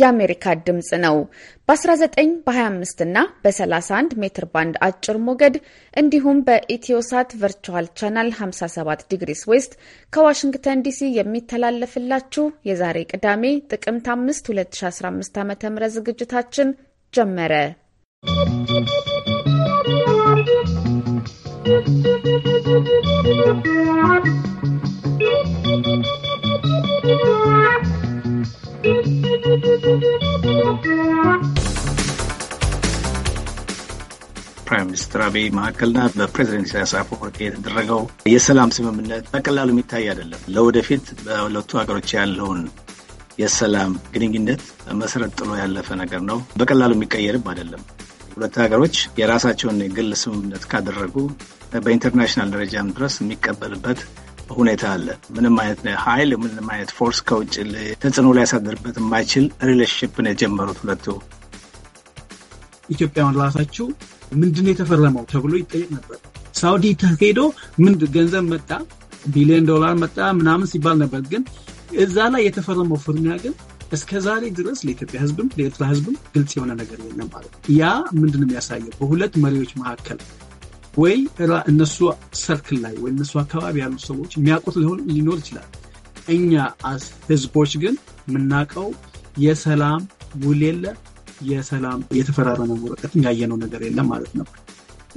የአሜሪካ ድምፅ ነው። በ19 በ25 እና በ31 ሜትር ባንድ አጭር ሞገድ እንዲሁም በኢትዮሳት ቨርቹዋል ቻናል 57 ዲግሪስ ዌስት ከዋሽንግተን ዲሲ የሚተላለፍላችሁ የዛሬ ቅዳሜ ጥቅምት 5 2015 ዓ.ም ዝግጅታችን ጀመረ። ¶¶ ፕራይም ሚኒስትር አብይ መካከልና በፕሬዚደንት ኢሳያስ አፈወርቂ የተደረገው የሰላም ስምምነት በቀላሉ የሚታይ አይደለም። ለወደፊት በሁለቱ ሀገሮች ያለውን የሰላም ግንኙነት መሰረት ጥሎ ያለፈ ነገር ነው። በቀላሉ የሚቀየርም አይደለም። ሁለት ሀገሮች የራሳቸውን የግል ስምምነት ካደረጉ በኢንተርናሽናል ደረጃም ድረስ የሚቀበልበት ሁኔታ አለ። ምንም አይነት ኃይል ምንም አይነት ፎርስ ከውጭ ተጽዕኖ ሊያሳድርበት የማይችል ሪሌሽንሽፕ ነው የጀመሩት ሁለቱ። ኢትዮጵያን ራሳቸው ምንድን የተፈረመው ተብሎ ይጠየቅ ነበር። ሳውዲ ተሄዶ ምን ገንዘብ መጣ ቢሊዮን ዶላር መጣ ምናምን ሲባል ነበር። ግን እዛ ላይ የተፈረመው ፍርሚያ ግን እስከ ዛሬ ድረስ ለኢትዮጵያ ሕዝብም ለኤርትራ ሕዝብም ግልጽ የሆነ ነገር የለም ማለት ያ ምንድን የሚያሳየው በሁለት መሪዎች መካከል ወይ እነሱ ሰርክል ላይ ወይ እነሱ አካባቢ ያሉ ሰዎች የሚያውቁት ሊሆን ሊኖር ይችላል። እኛ ህዝቦች ግን የምናውቀው የሰላም ውል የለ የሰላም የተፈራረመ ወረቀት ያየነው ነገር የለም ማለት ነው።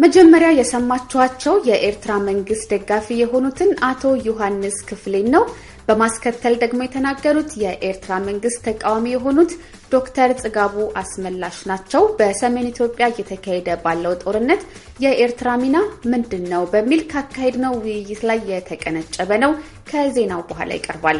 መጀመሪያ የሰማችኋቸው የኤርትራ መንግስት ደጋፊ የሆኑትን አቶ ዮሐንስ ክፍሌን ነው። በማስከተል ደግሞ የተናገሩት የኤርትራ መንግስት ተቃዋሚ የሆኑት ዶክተር ጽጋቡ አስመላሽ ናቸው። በሰሜን ኢትዮጵያ እየተካሄደ ባለው ጦርነት የኤርትራ ሚና ምንድን ነው በሚል ካካሄድ ነው ውይይት ላይ የተቀነጨበ ነው። ከዜናው በኋላ ይቀርባል።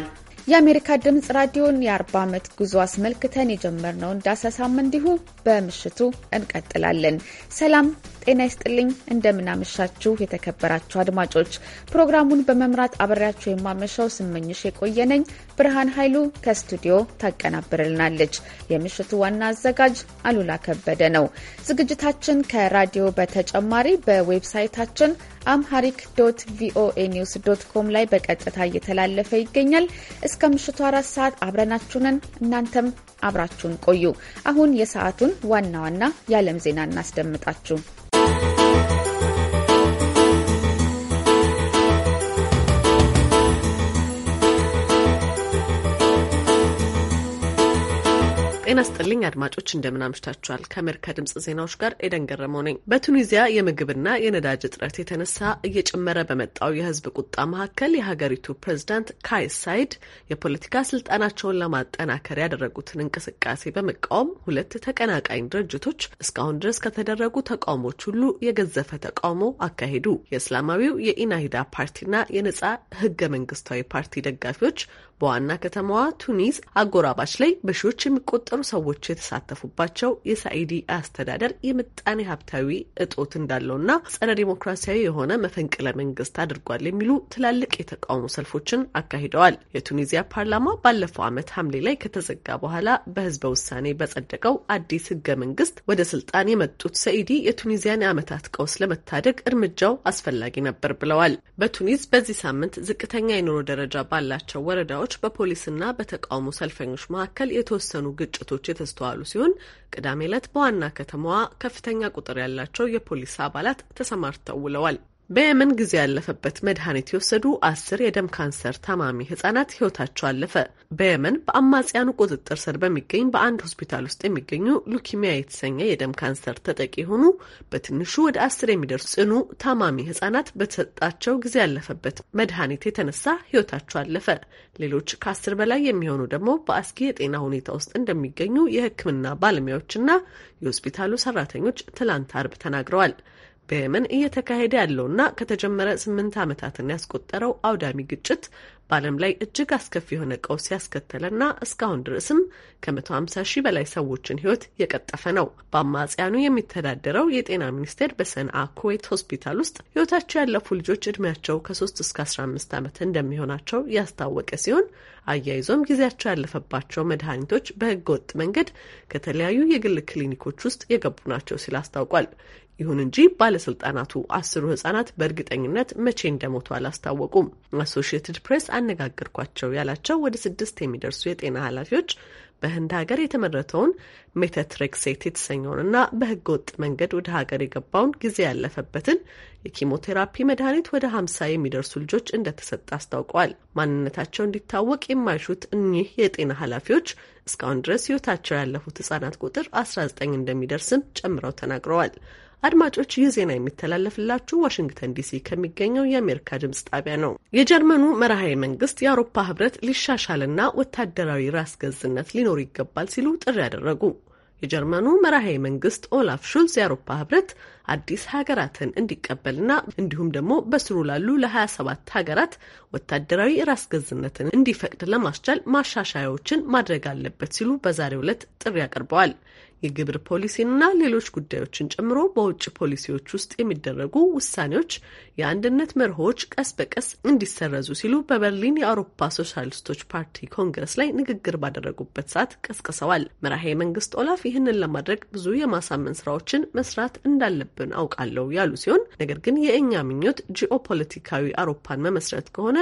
የአሜሪካ ድምፅ ራዲዮን የአርባ ዓመት ጉዞ አስመልክተን የጀመርነውን ዳሰሳም እንዲሁ በምሽቱ እንቀጥላለን። ሰላም ጤና ይስጥልኝ። እንደምናመሻችሁ የተከበራችሁ አድማጮች፣ ፕሮግራሙን በመምራት አብሬያችሁ የማመሻው ስመኝሽ የቆየነኝ። ብርሃን ኃይሉ ከስቱዲዮ ታቀናብርልናለች። የምሽቱ ዋና አዘጋጅ አሉላ ከበደ ነው። ዝግጅታችን ከራዲዮ በተጨማሪ በዌብሳይታችን አምሃሪክ ዶት ቪኦኤ ኒውስ ዶት ኮም ላይ በቀጥታ እየተላለፈ ይገኛል። እስከ ምሽቱ አራት ሰዓት አብረናችሁንን እናንተም አብራችሁን ቆዩ። አሁን የሰዓቱን ዋና ዋና የዓለም ዜና እናስደምጣችሁ። ጤና ስጥልኝ አድማጮች፣ እንደምን አምሽታችኋል? ከአሜሪካ ድምፅ ዜናዎች ጋር ኤደን ገረመው ነኝ። በቱኒዚያ የምግብና የነዳጅ እጥረት የተነሳ እየጨመረ በመጣው የህዝብ ቁጣ መካከል የሀገሪቱ ፕሬዚዳንት ካይስ ሳይድ የፖለቲካ ስልጣናቸውን ለማጠናከር ያደረጉትን እንቅስቃሴ በመቃወም ሁለት ተቀናቃኝ ድርጅቶች እስካሁን ድረስ ከተደረጉ ተቃውሞች ሁሉ የገዘፈ ተቃውሞ አካሄዱ። የእስላማዊው የኢናሂዳ ፓርቲና የነጻ ህገ መንግስታዊ ፓርቲ ደጋፊዎች በዋና ከተማዋ ቱኒዝ አጎራባች ላይ በሺዎች የሚቆጠሩ ሰዎች የተሳተፉባቸው የሳኢዲ አስተዳደር የምጣኔ ሀብታዊ እጦት እንዳለውና ጸረ ዲሞክራሲያዊ የሆነ መፈንቅለ መንግስት አድርጓል የሚሉ ትላልቅ የተቃውሞ ሰልፎችን አካሂደዋል። የቱኒዚያ ፓርላማ ባለፈው ዓመት ሐምሌ ላይ ከተዘጋ በኋላ በህዝበ ውሳኔ በጸደቀው አዲስ ህገ መንግስት ወደ ስልጣን የመጡት ሰኢዲ የቱኒዚያን የዓመታት ቀውስ ለመታደግ እርምጃው አስፈላጊ ነበር ብለዋል። በቱኒዝ በዚህ ሳምንት ዝቅተኛ የኑሮ ደረጃ ባላቸው ወረዳዎች ስፍራዎች በፖሊስና በተቃውሞ ሰልፈኞች መካከል የተወሰኑ ግጭቶች የተስተዋሉ ሲሆን ቅዳሜ ዕለት በዋና ከተማዋ ከፍተኛ ቁጥር ያላቸው የፖሊስ አባላት ተሰማርተው ውለዋል። በየመን ጊዜ ያለፈበት መድኃኒት የወሰዱ አስር የደም ካንሰር ታማሚ ህጻናት ህይወታቸው አለፈ። በየመን በአማጽያኑ ቁጥጥር ስር በሚገኝ በአንድ ሆስፒታል ውስጥ የሚገኙ ሉኪሚያ የተሰኘ የደም ካንሰር ተጠቂ የሆኑ በትንሹ ወደ አስር የሚደርሱ ጽኑ ታማሚ ህጻናት በተሰጣቸው ጊዜ ያለፈበት መድኃኒት የተነሳ ህይወታቸው አለፈ። ሌሎች ከአስር በላይ የሚሆኑ ደግሞ በአስጊ የጤና ሁኔታ ውስጥ እንደሚገኙ የህክምና ባለሙያዎችና የሆስፒታሉ ሰራተኞች ትላንት አርብ ተናግረዋል። በየመን እየተካሄደ ያለውና ከተጀመረ ስምንት ዓመታትን ያስቆጠረው አውዳሚ ግጭት በዓለም ላይ እጅግ አስከፊ የሆነ ቀውስ ያስከተለና እስካሁን ድረስም ከ150 ሺህ በላይ ሰዎችን ሕይወት የቀጠፈ ነው። በአማጽያኑ የሚተዳደረው የጤና ሚኒስቴር በሰንአ ኩዌት ሆስፒታል ውስጥ ሕይወታቸው ያለፉ ልጆች እድሜያቸው ከ3 እስከ 15 ዓመት እንደሚሆናቸው ያስታወቀ ሲሆን አያይዞም ጊዜያቸው ያለፈባቸው መድኃኒቶች በህገ ወጥ መንገድ ከተለያዩ የግል ክሊኒኮች ውስጥ የገቡ ናቸው ሲል አስታውቋል። ይሁን እንጂ ባለስልጣናቱ አስሩ ህጻናት በእርግጠኝነት መቼ እንደሞቱ አላስታወቁም። አሶሺየትድ ፕሬስ አነጋገርኳቸው ያላቸው ወደ ስድስት የሚደርሱ የጤና ኃላፊዎች በህንድ ሀገር የተመረተውን ሜተትሬክሴት የተሰኘውንና በህገ ወጥ መንገድ ወደ ሀገር የገባውን ጊዜ ያለፈበትን የኪሞቴራፒ መድኃኒት ወደ ሀምሳ የሚደርሱ ልጆች እንደተሰጠ አስታውቀዋል። ማንነታቸው እንዲታወቅ የማይሹት እኚህ የጤና ኃላፊዎች እስካሁን ድረስ ህይወታቸው ያለፉት ህጻናት ቁጥር አስራ ዘጠኝ እንደሚደርስም ጨምረው ተናግረዋል። አድማጮች ይህ ዜና የሚተላለፍላችሁ ዋሽንግተን ዲሲ ከሚገኘው የአሜሪካ ድምጽ ጣቢያ ነው። የጀርመኑ መርሃዊ መንግስት የአውሮፓ ህብረት ሊሻሻልና ወታደራዊ ራስ ገዝነት ሊኖር ይገባል ሲሉ ጥሪ አደረጉ። የጀርመኑ መራሄ መንግስት ኦላፍ ሹልዝ የአውሮፓ ህብረት አዲስ ሀገራትን እንዲቀበልና እንዲሁም ደግሞ በስሩ ላሉ ለ27 ሀገራት ወታደራዊ ራስ ገዝነትን እንዲፈቅድ ለማስቻል ማሻሻያዎችን ማድረግ አለበት ሲሉ በዛሬው ዕለት ጥሪ አቅርበዋል። የግብር ፖሊሲንና ሌሎች ጉዳዮችን ጨምሮ በውጭ ፖሊሲዎች ውስጥ የሚደረጉ ውሳኔዎች የአንድነት መርሆች ቀስ በቀስ እንዲሰረዙ ሲሉ በበርሊን የአውሮፓ ሶሻሊስቶች ፓርቲ ኮንግረስ ላይ ንግግር ባደረጉበት ሰዓት ቀስቅሰዋል። መራሄ መንግስት ኦላፍ ይህንን ለማድረግ ብዙ የማሳመን ስራዎችን መስራት እንዳለብን አውቃለሁ ያሉ ሲሆን ነገር ግን የእኛ ምኞት ጂኦፖለቲካዊ አውሮፓን መመስረት ከሆነ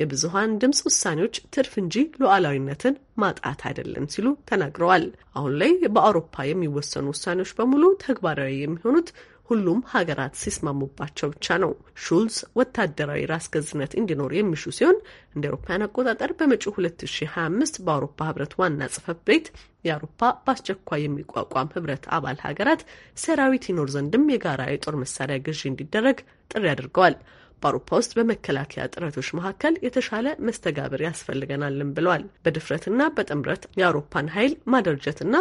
የብዙሀን ድምፅ ውሳኔዎች ትርፍ እንጂ ሉዓላዊነትን ማጣት አይደለም ሲሉ ተናግረዋል። አሁን ላይ በአውሮፓ የሚወሰኑ ውሳኔዎች በሙሉ ተግባራዊ የሚሆኑት ሁሉም ሀገራት ሲስማሙባቸው ብቻ ነው። ሹልዝ ወታደራዊ ራስ ገዝነት እንዲኖር የሚሹ ሲሆን እንደ አውሮፓውያን አቆጣጠር በመጪው 2025 በአውሮፓ ህብረት ዋና ጽህፈት ቤት የአውሮፓ በአስቸኳይ የሚቋቋም ህብረት አባል ሀገራት ሰራዊት ይኖር ዘንድም የጋራ የጦር መሳሪያ ግዢ እንዲደረግ ጥሪ አድርገዋል። በአውሮፓ ውስጥ በመከላከያ ጥረቶች መካከል የተሻለ መስተጋብር ያስፈልገናልን ብለዋል። በድፍረትና በጥምረት የአውሮፓን ኃይል ማደርጀትና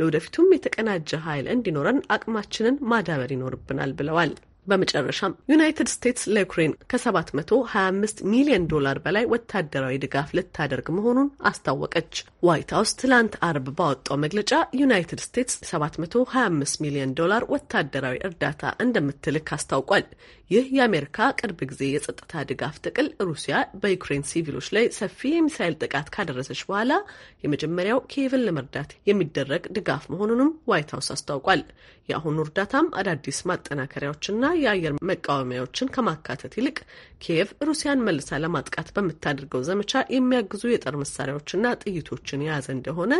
ለወደፊቱም የተቀናጀ ኃይል እንዲኖረን አቅማችንን ማዳበር ይኖርብናል ብለዋል። በመጨረሻም ዩናይትድ ስቴትስ ለዩክሬን ከ725 ሚሊዮን ዶላር በላይ ወታደራዊ ድጋፍ ልታደርግ መሆኑን አስታወቀች። ዋይት ሀውስ ትላንት አርብ ባወጣው መግለጫ ዩናይትድ ስቴትስ 725 ሚሊዮን ዶላር ወታደራዊ እርዳታ እንደምትልክ አስታውቋል። ይህ የአሜሪካ ቅርብ ጊዜ የጸጥታ ድጋፍ ጥቅል ሩሲያ በዩክሬን ሲቪሎች ላይ ሰፊ የሚሳይል ጥቃት ካደረሰች በኋላ የመጀመሪያው ኪየቭን ለመርዳት የሚደረግ ድጋፍ መሆኑንም ዋይት ሀውስ አስታውቋል። የአሁኑ እርዳታም አዳዲስ ማጠናከሪያዎችና የአየር መቃወሚያዎችን ከማካተት ይልቅ ኪየቭ ሩሲያን መልሳ ለማጥቃት በምታደርገው ዘመቻ የሚያግዙ የጦር መሳሪያዎችና ጥይቶችን የያዘ እንደሆነ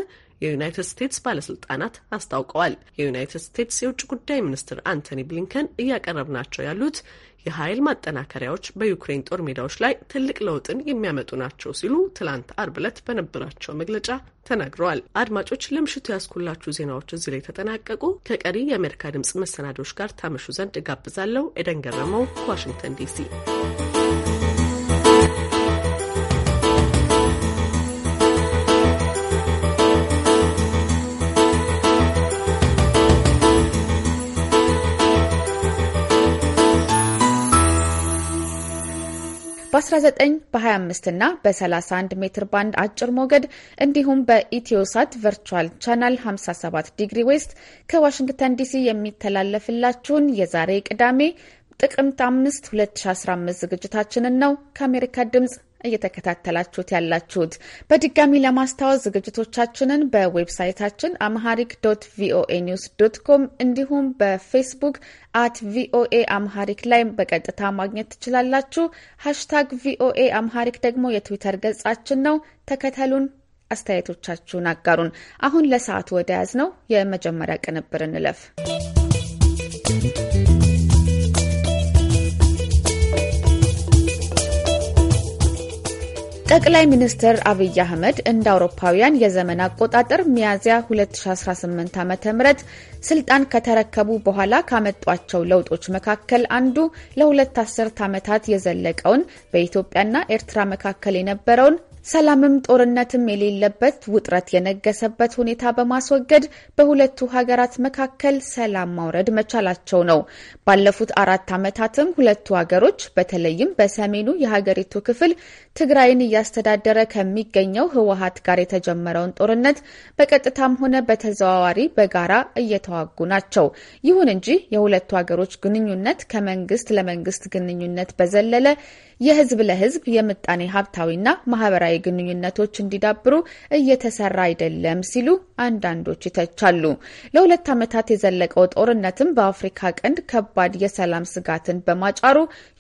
የዩናይትድ ስቴትስ ባለስልጣናት አስታውቀዋል። የዩናይትድ ስቴትስ የውጭ ጉዳይ ሚኒስትር አንቶኒ ብሊንከን እያቀረብ ናቸው ያሉት የኃይል ማጠናከሪያዎች በዩክሬን ጦር ሜዳዎች ላይ ትልቅ ለውጥን የሚያመጡ ናቸው ሲሉ ትላንት አርብ ዕለት በነበራቸው መግለጫ ተናግረዋል። አድማጮች፣ ለምሽቱ ያስኩላችሁ ዜናዎች እዚህ ላይ ተጠናቀቁ። ከቀሪ የአሜሪካ ድምፅ መሰናዶች ጋር ታመሹ ዘንድ እጋብዛለሁ። ኤደን ገረመው፣ ዋሽንግተን ዲሲ በ19 በ25 እና በ31 ሜትር ባንድ አጭር ሞገድ እንዲሁም በኢትዮሳት ቨርቹዋል ቻናል 57 ዲግሪ ዌስት ከዋሽንግተን ዲሲ የሚተላለፍላችሁን የዛሬ ቅዳሜ ጥቅምት 5 2015 ዝግጅታችንን ነው ከአሜሪካ ድምጽ እየተከታተላችሁት ያላችሁት። በድጋሚ ለማስታወስ ዝግጅቶቻችንን በዌብሳይታችን አምሃሪክ ዶት ቪኦኤ ኒውስ ዶት ኮም እንዲሁም በፌስቡክ አት ቪኦኤ አምሃሪክ ላይ በቀጥታ ማግኘት ትችላላችሁ። ሃሽታግ ቪኦኤ አምሃሪክ ደግሞ የትዊተር ገጻችን ነው። ተከተሉን፣ አስተያየቶቻችሁን አጋሩን። አሁን ለሰዓቱ ወደ ያዝ ነው የመጀመሪያ ቅንብር እንለፍ። ጠቅላይ ሚኒስትር አብይ አህመድ እንደ አውሮፓውያን የዘመን አቆጣጠር ሚያዝያ 2018 ዓ ም ስልጣን ከተረከቡ በኋላ ካመጧቸው ለውጦች መካከል አንዱ ለሁለት አስርት ዓመታት የዘለቀውን በኢትዮጵያና ኤርትራ መካከል የነበረውን ሰላምም ጦርነትም የሌለበት ውጥረት የነገሰበት ሁኔታ በማስወገድ በሁለቱ ሀገራት መካከል ሰላም ማውረድ መቻላቸው ነው። ባለፉት አራት ዓመታትም ሁለቱ ሀገሮች በተለይም በሰሜኑ የሀገሪቱ ክፍል ትግራይን እያስተዳደረ ከሚገኘው ህወሀት ጋር የተጀመረውን ጦርነት በቀጥታም ሆነ በተዘዋዋሪ በጋራ እየተዋጉ ናቸው። ይሁን እንጂ የሁለቱ ሀገሮች ግንኙነት ከመንግስት ለመንግስት ግንኙነት በዘለለ የህዝብ ለህዝብ የምጣኔ ሀብታዊና ማህበራዊ ግንኙነቶች እንዲዳብሩ እየተሰራ አይደለም ሲሉ አንዳንዶች ይተቻሉ። ለሁለት ዓመታት የዘለቀው ጦርነትም በአፍሪካ ቀንድ ከባድ የሰላም ስጋትን በማጫሩ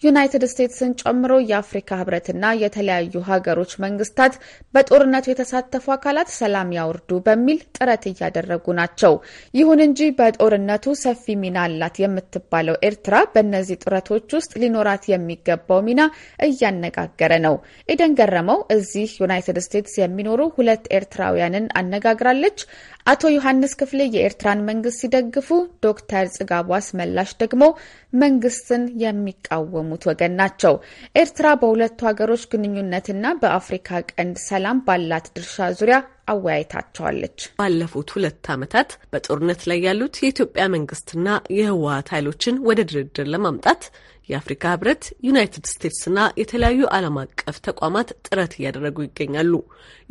ዩናይትድ ስቴትስን ጨምሮ የአፍሪካ ህብረትና የተለያዩ ሀገሮች መንግስታት በጦርነቱ የተሳተፉ አካላት ሰላም ያወርዱ በሚል ጥረት እያደረጉ ናቸው። ይሁን እንጂ በጦርነቱ ሰፊ ሚና አላት የምትባለው ኤርትራ በእነዚህ ጥረቶች ውስጥ ሊኖራት የሚገባው ሚና እያነጋገረ ነው። ኤደን ገረመው እዚህ ዩናይትድ ስቴትስ የሚኖሩ ሁለት ኤርትራውያንን አነጋግራለች። አቶ ዮሐንስ ክፍሌ የኤርትራን መንግስት ሲደግፉ፣ ዶክተር ጽጋቡ አስመላሽ ደግሞ መንግስትን የሚቃወሙት ወገን ናቸው። ኤርትራ በሁለቱ ሀገሮች ግንኙነትና በአፍሪካ ቀንድ ሰላም ባላት ድርሻ ዙሪያ አወያይታቸዋለች። ባለፉት ሁለት ዓመታት በጦርነት ላይ ያሉት የኢትዮጵያ መንግስትና የህወሀት ኃይሎችን ወደ ድርድር ለማምጣት የአፍሪካ ህብረት፣ ዩናይትድ ስቴትስና የተለያዩ ዓለም አቀፍ ተቋማት ጥረት እያደረጉ ይገኛሉ።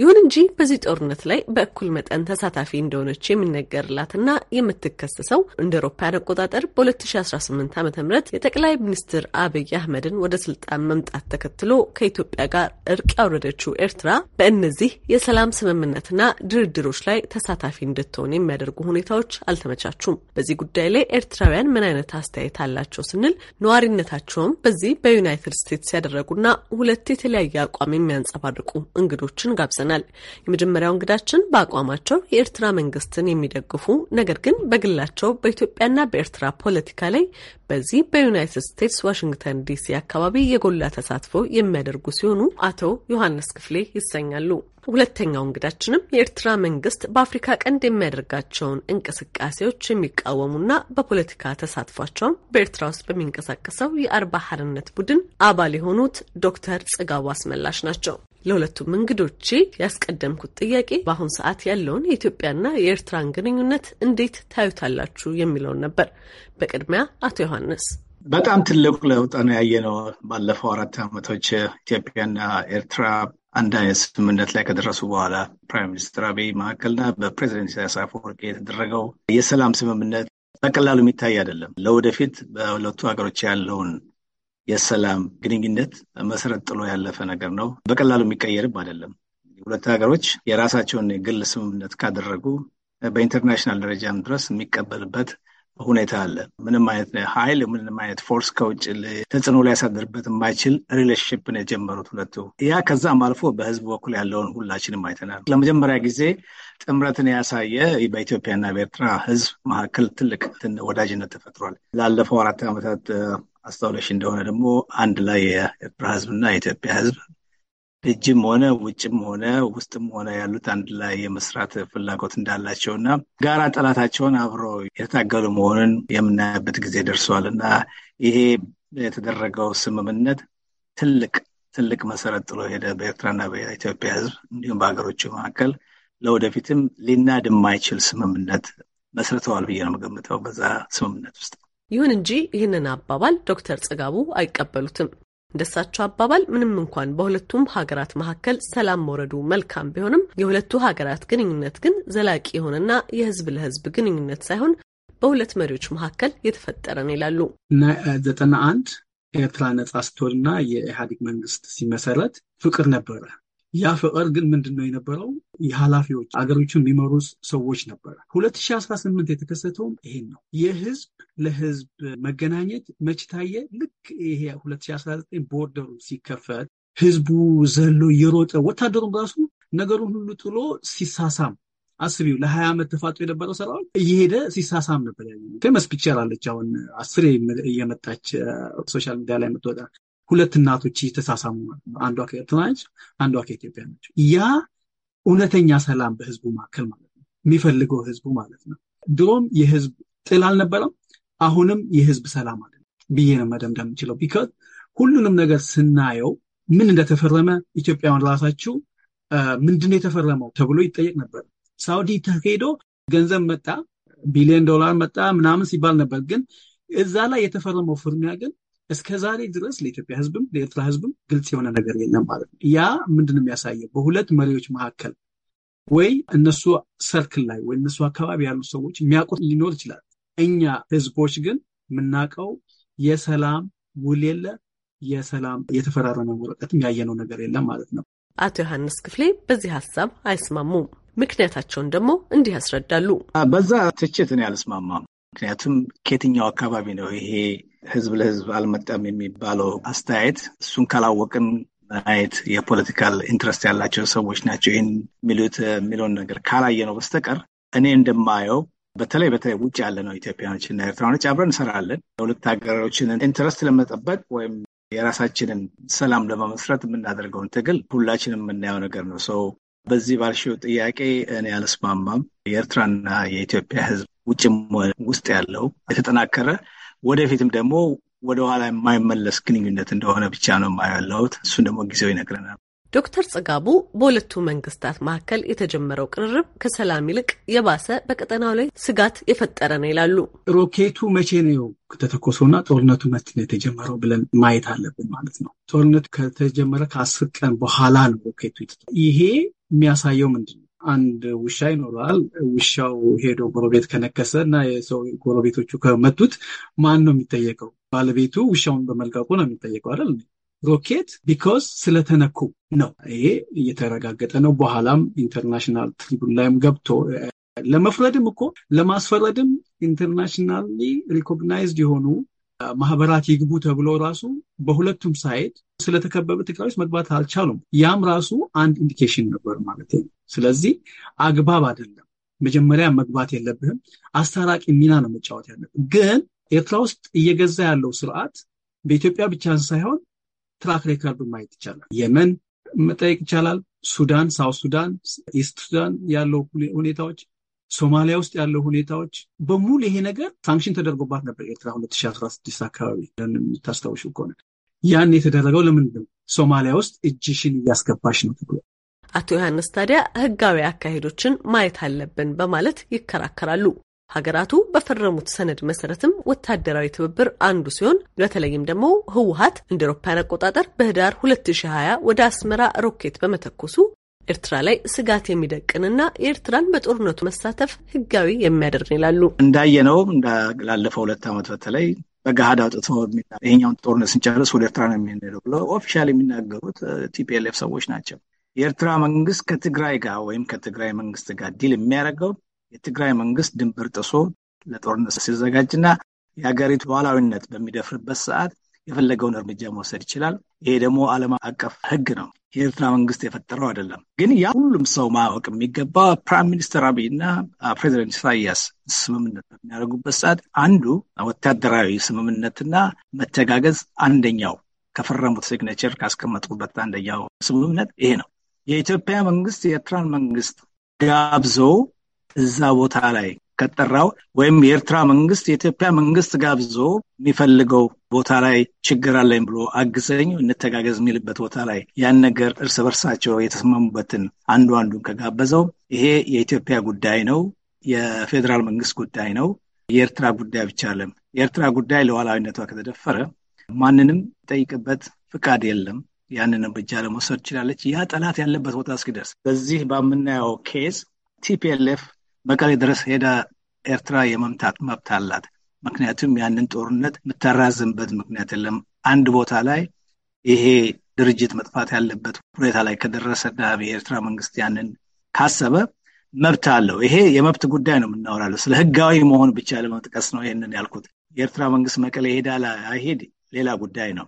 ይሁን እንጂ በዚህ ጦርነት ላይ በእኩል መጠን ተሳታፊ እንደሆነች የሚነገርላትና የምትከሰሰው እንደ አውሮፓውያን አቆጣጠር በ2018 ዓ ም የጠቅላይ ሚኒስትር አብይ አህመድን ወደ ስልጣን መምጣት ተከትሎ ከኢትዮጵያ ጋር እርቅ ያወረደችው ኤርትራ በእነዚህ የሰላም ስምምነትና ድርድሮች ላይ ተሳታፊ እንድትሆን የሚያደርጉ ሁኔታዎች አልተመቻቹም። በዚህ ጉዳይ ላይ ኤርትራውያን ምን አይነት አስተያየት አላቸው ስንል ነዋሪነት ቆይታቸውም በዚህ በዩናይትድ ስቴትስ ያደረጉና ሁለት የተለያየ አቋም የሚያንጸባርቁ እንግዶችን ጋብዘናል። የመጀመሪያው እንግዳችን በአቋማቸው የኤርትራ መንግስትን የሚደግፉ ነገር ግን በግላቸው በኢትዮጵያና በኤርትራ ፖለቲካ ላይ በዚህ በዩናይትድ ስቴትስ ዋሽንግተን ዲሲ አካባቢ የጎላ ተሳትፎ የሚያደርጉ ሲሆኑ አቶ ዮሐንስ ክፍሌ ይሰኛሉ። ሁለተኛው እንግዳችንም የኤርትራ መንግስት በአፍሪካ ቀንድ የሚያደርጋቸውን እንቅስቃሴዎች የሚቃወሙና በፖለቲካ ተሳትፏቸውም በኤርትራ ውስጥ በሚንቀሳቀሰው የአርባ ሀርነት ቡድን አባል የሆኑት ዶክተር ጽጋቡ አስመላሽ ናቸው። ለሁለቱም እንግዶች ያስቀደምኩት ጥያቄ በአሁን ሰዓት ያለውን የኢትዮጵያና የኤርትራን ግንኙነት እንዴት ታዩታላችሁ የሚለውን ነበር። በቅድሚያ አቶ ዮሐንስ በጣም ትልቁ ለውጥ ነው ያየነው። ባለፈው አራት ዓመቶች ኢትዮጵያና ኤርትራ አንድ አይነት ስምምነት ላይ ከደረሱ በኋላ ፕራይም ሚኒስትር አብይ መካከልና በፕሬዚደንት ኢሳያስ አፈወርቂ የተደረገው የሰላም ስምምነት በቀላሉ የሚታይ አይደለም። ለወደፊት በሁለቱ ሀገሮች ያለውን የሰላም ግንኙነት መሰረት ጥሎ ያለፈ ነገር ነው። በቀላሉ የሚቀየርም አይደለም። ሁለት ሀገሮች የራሳቸውን የግል ስምምነት ካደረጉ በኢንተርናሽናል ደረጃም ድረስ የሚቀበልበት ሁኔታ አለ። ምንም አይነት ኃይል ምንም አይነት ፎርስ ከውጭ ተጽዕኖ ሊያሳድርበት የማይችል ሪሌሽንሽፕን የጀመሩት ሁለቱ ያ ከዛም አልፎ በህዝብ በኩል ያለውን ሁላችንም አይተናል። ለመጀመሪያ ጊዜ ጥምረትን ያሳየ በኢትዮጵያና በኤርትራ ህዝብ መካከል ትልቅ ወዳጅነት ተፈጥሯል። ላለፈው አራት ዓመታት አስተውለሽ እንደሆነ ደግሞ አንድ ላይ የኤርትራ ህዝብና የኢትዮጵያ ህዝብ እጅም ሆነ ውጭም ሆነ ውስጥም ሆነ ያሉት አንድ ላይ የመስራት ፍላጎት እንዳላቸው እና ጋራ ጠላታቸውን አብሮ የተታገሉ መሆኑን የምናያበት ጊዜ ደርሷል እና ይሄ የተደረገው ስምምነት ትልቅ ትልቅ መሰረት ጥሎ ሄደ በኤርትራና በኢትዮጵያ ህዝብ እንዲሁም በሀገሮቹ መካከል ለወደፊትም ሊናድ የማይችል ስምምነት መስርተዋል ብዬ ነው የምገምተው በዛ ስምምነት ውስጥ ይሁን እንጂ ይህንን አባባል ዶክተር ጽጋቡ አይቀበሉትም። እንደሳቸው አባባል ምንም እንኳን በሁለቱም ሀገራት መካከል ሰላም መውረዱ መልካም ቢሆንም የሁለቱ ሀገራት ግንኙነት ግን ዘላቂ የሆነና የህዝብ ለህዝብ ግንኙነት ሳይሆን በሁለት መሪዎች መካከል የተፈጠረ ነው ይላሉ። ዘጠና አንድ ኤርትራ ነጻ ስትሆንና የኢህአዴግ መንግስት ሲመሰረት ፍቅር ነበረ። ያ ፍቅር ግን ምንድን ነው የነበረው? የኃላፊዎች አገሮችን የሚመሩ ሰዎች ነበረ። 2018 የተከሰተውም ይሄን ነው። የህዝብ ለህዝብ መገናኘት መች ታየ? ልክ ይሄ 2019 ቦርደሩ ሲከፈት ህዝቡ ዘሎ እየሮጠ ወታደሩን ራሱ ነገሩን ሁሉ ጥሎ ሲሳሳም አስቢው ለሀያ ዓመት ተፋጦ የነበረው ሰራዊት እየሄደ ሲሳሳም ነበር። ፌመስ ፒክቸር አለች አሁን አስር እየመጣች ሶሻል ሚዲያ ላይ የምትወጣ ሁለት እናቶች እየተሳሳሙ አንዷ ከኤርትራ ነች፣ አንዷ ከኢትዮጵያ ነች። ያ እውነተኛ ሰላም በህዝቡ መካከል ማለት ነው፣ የሚፈልገው ህዝቡ ማለት ነው። ድሮም የህዝብ ጥል አልነበረም፣ አሁንም የህዝብ ሰላም አለ ብዬ ነው መደምደም የምችለው። ቢካዝ ሁሉንም ነገር ስናየው ምን እንደተፈረመ ኢትዮጵያውያን ራሳችሁ ምንድነው የተፈረመው ተብሎ ይጠየቅ ነበር። ሳውዲ ተሄዶ ገንዘብ መጣ ቢሊዮን ዶላር መጣ ምናምን ሲባል ነበር። ግን እዛ ላይ የተፈረመው ፍርሚያ ግን እስከ ዛሬ ድረስ ለኢትዮጵያ ህዝብም ለኤርትራ ህዝብም ግልጽ የሆነ ነገር የለም ማለት ነው። ያ ምንድን የሚያሳየው? በሁለት መሪዎች መካከል ወይ እነሱ ሰርክል ላይ ወይ እነሱ አካባቢ ያሉ ሰዎች የሚያውቁት ሊኖር ይችላል። እኛ ህዝቦች ግን የምናውቀው የሰላም ውል የለ የሰላም የተፈራረመ ወረቀትም ያየነው ነገር የለም ማለት ነው። አቶ ዮሐንስ ክፍሌ በዚህ ሀሳብ አይስማሙም። ምክንያታቸውን ደግሞ እንዲህ ያስረዳሉ። በዛ ትችትን ያልስማማም ምክንያቱም ከየትኛው አካባቢ ነው ይሄ ህዝብ ለህዝብ አልመጣም የሚባለው አስተያየት? እሱን ካላወቅን ማየት የፖለቲካል ኢንትረስት ያላቸው ሰዎች ናቸው ይህን የሚሉት የሚለውን ነገር ካላየ ነው በስተቀር እኔ እንደማየው በተለይ በተለይ ውጭ ያለ ነው ኢትዮጵያኖች እና ኤርትራኖች አብረን እንሰራለን። የሁለት ሀገሮችን ኢንትረስት ለመጠበቅ ወይም የራሳችንን ሰላም ለመመስረት የምናደርገውን ትግል ሁላችንም የምናየው ነገር ነው። ሰው በዚህ ባልሽው ጥያቄ እኔ አልስማማም። የኤርትራና የኢትዮጵያ ህዝብ ውጭም ውስጥ ያለው የተጠናከረ ወደፊትም ደግሞ ወደኋላ የማይመለስ ግንኙነት እንደሆነ ብቻ ነው የማያለሁት። እሱን ደግሞ ጊዜው ይነግረናል። ዶክተር ጽጋቡ በሁለቱ መንግስታት መካከል የተጀመረው ቅርርብ ከሰላም ይልቅ የባሰ በቀጠናው ላይ ስጋት የፈጠረ ነው ይላሉ። ሮኬቱ መቼ ነው ከተተኮሰውና ጦርነቱ መቼ ነው የተጀመረው ብለን ማየት አለብን ማለት ነው። ጦርነቱ ከተጀመረ ከአስር ቀን በኋላ ነው ሮኬቱ። ይሄ የሚያሳየው ምንድን ነው? አንድ ውሻ ይኖረዋል። ውሻው ሄዶ ጎረቤት ከነከሰ እና የሰው ጎረቤቶቹ ከመቱት ማን ነው የሚጠየቀው? ባለቤቱ ውሻውን በመልቀቁ ነው የሚጠየቀው አይደል? ሮኬት ቢኮዝ ስለተነኩ ነው። ይሄ እየተረጋገጠ ነው። በኋላም ኢንተርናሽናል ትሪቡን ላይም ገብቶ ለመፍረድም እኮ ለማስፈረድም ኢንተርናሽናል ሪኮግናይዝድ የሆኑ ማህበራት ይግቡ ተብሎ ራሱ በሁለቱም ሳይድ ስለተከበበ ትግራዮች መግባት አልቻሉም። ያም ራሱ አንድ ኢንዲኬሽን ነበር ማለት ነው። ስለዚህ አግባብ አይደለም። መጀመሪያ መግባት የለብህም። አስታራቂ ሚና ነው መጫወት ያለብህ። ግን ኤርትራ ውስጥ እየገዛ ያለው ስርዓት በኢትዮጵያ ብቻ ሳይሆን ትራክ ሬከርዱ ማየት ይቻላል። የመን መጠየቅ ይቻላል። ሱዳን፣ ሳውት ሱዳን፣ ኢስት ሱዳን ያለው ሁኔታዎች፣ ሶማሊያ ውስጥ ያለው ሁኔታዎች በሙሉ ይሄ ነገር ሳንክሽን ተደርጎባት ነበር ኤርትራ 2016 አካባቢ የምታስታውሹ ከሆነ ያን የተደረገው ለምንድን ነው? ሶማሊያ ውስጥ እጅሽን እያስገባሽ ነው ተብሎ አቶ ዮሐንስ ታዲያ ህጋዊ አካሄዶችን ማየት አለብን በማለት ይከራከራሉ። ሀገራቱ በፈረሙት ሰነድ መሰረትም ወታደራዊ ትብብር አንዱ ሲሆን በተለይም ደግሞ ህወሀት እንደ ኤሮፓያን አቆጣጠር በህዳር 2020 ወደ አስመራ ሮኬት በመተኮሱ ኤርትራ ላይ ስጋት የሚደቅንና የኤርትራን በጦርነቱ መሳተፍ ህጋዊ የሚያደርግን ይላሉ። እንዳየነውም እንዳላለፈው ሁለት ዓመት በተለይ በገሃድ አውጥቶ ይሄኛውን ጦርነት ስንጨርስ ወደ ኤርትራ ነው የሚሄደው ብሎ ኦፊሻል የሚናገሩት ቲፒኤልኤፍ ሰዎች ናቸው። የኤርትራ መንግስት ከትግራይ ጋር ወይም ከትግራይ መንግስት ጋር ዲል የሚያደርገው የትግራይ መንግስት ድንበር ጥሶ ለጦርነት ሲዘጋጅና የሀገሪቱ ሉዓላዊነት በሚደፍርበት ሰዓት የፈለገውን እርምጃ መውሰድ ይችላል። ይሄ ደግሞ ዓለም አቀፍ ሕግ ነው። የኤርትራ መንግስት የፈጠረው አይደለም። ግን ያ ሁሉም ሰው ማወቅ የሚገባ ፕራይም ሚኒስትር አብይ እና ፕሬዚደንት ኢሳያስ ስምምነት በሚያደርጉበት ሰዓት አንዱ ወታደራዊ ስምምነትና መተጋገዝ አንደኛው ከፈረሙት ሲግኔቸር ካስቀመጡበት አንደኛው ስምምነት ይሄ ነው። የኢትዮጵያ መንግስት የኤርትራን መንግስት ጋብዞ እዛ ቦታ ላይ ከጠራው ወይም የኤርትራ መንግስት የኢትዮጵያ መንግስት ጋብዞ የሚፈልገው ቦታ ላይ ችግር አለኝ ብሎ አግዘኝ እንተጋገዝ የሚልበት ቦታ ላይ ያን ነገር እርስ በርሳቸው የተስማሙበትን አንዱ አንዱን ከጋበዘው ይሄ የኢትዮጵያ ጉዳይ ነው፣ የፌዴራል መንግስት ጉዳይ ነው፣ የኤርትራ ጉዳይ ብቻ አለም። የኤርትራ ጉዳይ ለዋላዊነቷ ከተደፈረ ማንንም ጠይቅበት ፍቃድ የለም ያንን እርምጃ ለመውሰድ ትችላለች። ያ ጠላት ያለበት ቦታ እስኪደርስ በዚህ በምናየው ኬዝ ቲፒኤልኤፍ መቀሌ ድረስ ሄዳ ኤርትራ የመምታት መብት አላት። ምክንያቱም ያንን ጦርነት የምታራዝምበት ምክንያት የለም። አንድ ቦታ ላይ ይሄ ድርጅት መጥፋት ያለበት ሁኔታ ላይ ከደረሰና የኤርትራ መንግስት ያንን ካሰበ መብት አለው። ይሄ የመብት ጉዳይ ነው የምናወራለው። ስለ ህጋዊ መሆን ብቻ ለመጥቀስ ነው ይህንን ያልኩት። የኤርትራ መንግስት መቀሌ ይሄዳል አይሄድ ሌላ ጉዳይ ነው።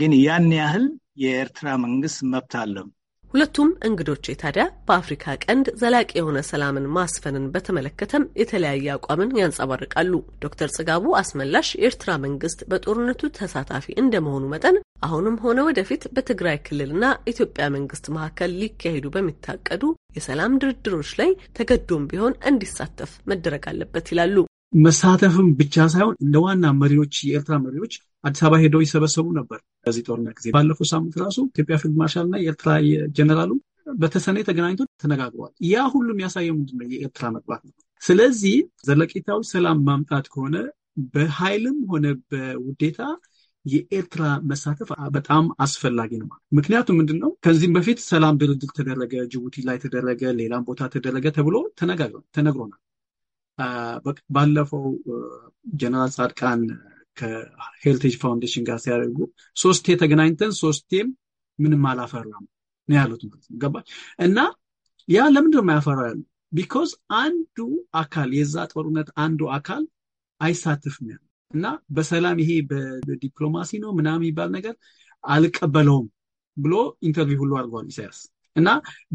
ግን ያን ያህል የኤርትራ መንግስት መብት አለው። ሁለቱም እንግዶቼ ታዲያ በአፍሪካ ቀንድ ዘላቂ የሆነ ሰላምን ማስፈንን በተመለከተም የተለያየ አቋምን ያንጸባርቃሉ። ዶክተር ጽጋቡ አስመላሽ የኤርትራ መንግስት በጦርነቱ ተሳታፊ እንደመሆኑ መጠን አሁንም ሆነ ወደፊት በትግራይ ክልልና ኢትዮጵያ መንግስት መካከል ሊካሄዱ በሚታቀዱ የሰላም ድርድሮች ላይ ተገዶም ቢሆን እንዲሳተፍ መደረግ አለበት ይላሉ። መሳተፍም ብቻ ሳይሆን እንደ ዋና መሪዎች የኤርትራ መሪዎች አዲስ አበባ ሄደው ይሰበሰቡ ነበር። በዚህ ጦርነት ጊዜ ባለፈው ሳምንት ራሱ ኢትዮጵያ ፊልድ ማርሻል እና የኤርትራ ጀነራሉ በተሰኔ ተገናኝቶ ተነጋግሯል። ያ ሁሉም ያሳየው ምንድነው የኤርትራ መግባት ነው። ስለዚህ ዘለቂታዊ ሰላም ማምጣት ከሆነ በኃይልም ሆነ በውዴታ የኤርትራ መሳተፍ በጣም አስፈላጊ ነው። ምክንያቱም ምንድን ነው ከዚህም በፊት ሰላም ድርድር ተደረገ፣ ጅቡቲ ላይ ተደረገ፣ ሌላም ቦታ ተደረገ ተብሎ ተነግሮናል። ባለፈው ጀነራል ጻድቃን ከሄሪቴጅ ፋውንዴሽን ጋር ሲያደርጉ ሶስቴ ተገናኝተን ሶስቴም ምንም አላፈራም ነው ያሉት ማለት ነው ገባች እና ያ ለምንድ ነው ያሉ ቢኮዝ አንዱ አካል የዛ ጦርነት አንዱ አካል አይሳትፍም ያሉ እና በሰላም ይሄ በዲፕሎማሲ ነው ምናምን የሚባል ነገር አልቀበለውም ብሎ ኢንተርቪው ሁሉ አድርገዋል ኢሳያስ እና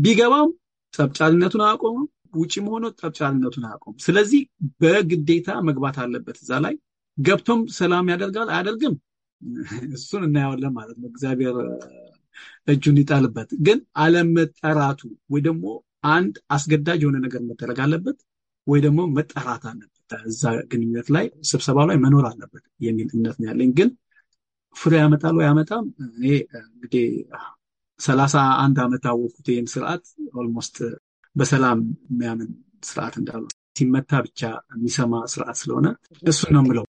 ቢገባም ጠብጫልነቱን አያቆምም ውጭም ሆኖ ጠብጫልነቱን አያቆም ስለዚህ በግዴታ መግባት አለበት እዛ ላይ ገብቶም ሰላም ያደርጋል አያደርግም፣ እሱን እናየዋለን ማለት ነው። እግዚአብሔር እጁን ይጣልበት። ግን አለመጠራቱ ወይ ደግሞ አንድ አስገዳጅ የሆነ ነገር መደረግ አለበት ወይ ደግሞ መጠራት አለበት እዛ ግንኙነት ላይ ስብሰባ ላይ መኖር አለበት የሚል እምነት ነው ያለኝ። ግን ፍሬ ያመጣል ወይ ያመጣም እኔ እንግዲህ ሰላሳ አንድ ዓመት አወቅኩት ይህን ስርዓት ኦልሞስት በሰላም የሚያምን ስርዓት እንዳሉ ሲመታ ብቻ የሚሰማ ስርዓት ስለሆነ እሱን ነው የምለው።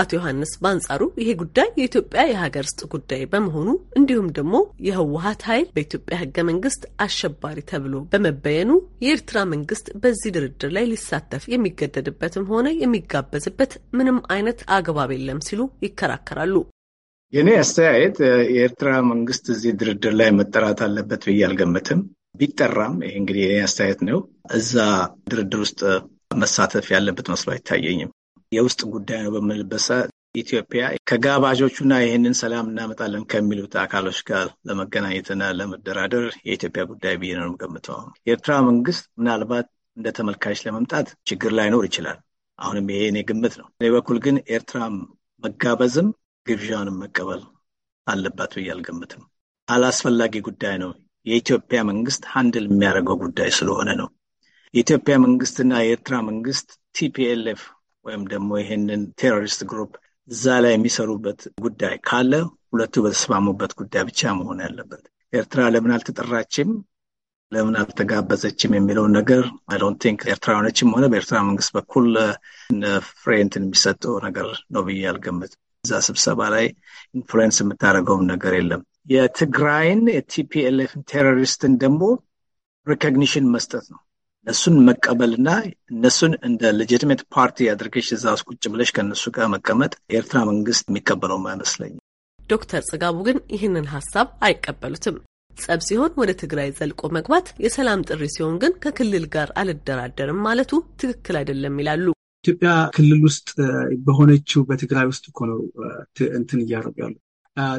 አቶ ዮሐንስ በአንጻሩ ይሄ ጉዳይ የኢትዮጵያ የሀገር ውስጥ ጉዳይ በመሆኑ እንዲሁም ደግሞ የህወሀት ኃይል በኢትዮጵያ ህገ መንግስት አሸባሪ ተብሎ በመበየኑ የኤርትራ መንግስት በዚህ ድርድር ላይ ሊሳተፍ የሚገደድበትም ሆነ የሚጋበዝበት ምንም አይነት አግባብ የለም ሲሉ ይከራከራሉ። የኔ አስተያየት የኤርትራ መንግስት እዚህ ድርድር ላይ መጠራት አለበት ብዬ አልገምትም። ቢጠራም ይህ እንግዲህ የኔ አስተያየት ነው፣ እዛ ድርድር ውስጥ መሳተፍ ያለበት መስሎ አይታየኝም። የውስጥ ጉዳይ ነው በምንልበት ኢትዮጵያ ከጋባዦቹና ይህንን ሰላም እናመጣለን ከሚሉት አካሎች ጋር ለመገናኘትና ለመደራደር የኢትዮጵያ ጉዳይ ብዬ ነው የምገምተው። የኤርትራ መንግስት ምናልባት እንደ ተመልካች ለመምጣት ችግር ላይኖር ይችላል። አሁንም ይሄ እኔ ግምት ነው። እኔ በኩል ግን ኤርትራ መጋበዝም ግብዣውንም መቀበል አለባት ብዬ አልገምትም። አላስፈላጊ ጉዳይ ነው። የኢትዮጵያ መንግስት ሀንድል የሚያደርገው ጉዳይ ስለሆነ ነው። የኢትዮጵያ መንግስትና የኤርትራ መንግስት ቲፒኤልኤፍ ወይም ደግሞ ይሄንን ቴሮሪስት ግሩፕ እዛ ላይ የሚሰሩበት ጉዳይ ካለ ሁለቱ በተስማሙበት ጉዳይ ብቻ መሆን ያለበት። ኤርትራ ለምን አልተጠራችም፣ ለምን አልተጋበዘችም የሚለውን ነገር አይ ዶንት ቲንክ ኤርትራውያኖችም ሆነ በኤርትራ መንግስት በኩል ፍሬንትን የሚሰጠው ነገር ነው ብዬ አልገምትም። እዛ ስብሰባ ላይ ኢንፍሉዌንስ የምታደርገውም ነገር የለም። የትግራይን የቲፒኤልኤፍን ቴሮሪስትን ደግሞ ሪኮግኒሽን መስጠት ነው እነሱን መቀበልና እነሱን እንደ ሌጂቲሜት ፓርቲ አድርገሽ እዛ ቁጭ ብለሽ ከእነሱ ጋር መቀመጥ የኤርትራ መንግስት የሚቀበለው አይመስለኝም። ዶክተር ጽጋቡ ግን ይህንን ሀሳብ አይቀበሉትም። ጸብ ሲሆን ወደ ትግራይ ዘልቆ መግባት፣ የሰላም ጥሪ ሲሆን ግን ከክልል ጋር አልደራደርም ማለቱ ትክክል አይደለም ይላሉ። ኢትዮጵያ ክልል ውስጥ በሆነችው በትግራይ ውስጥ እኮ ነው እንትን እያደረጉ ያሉ።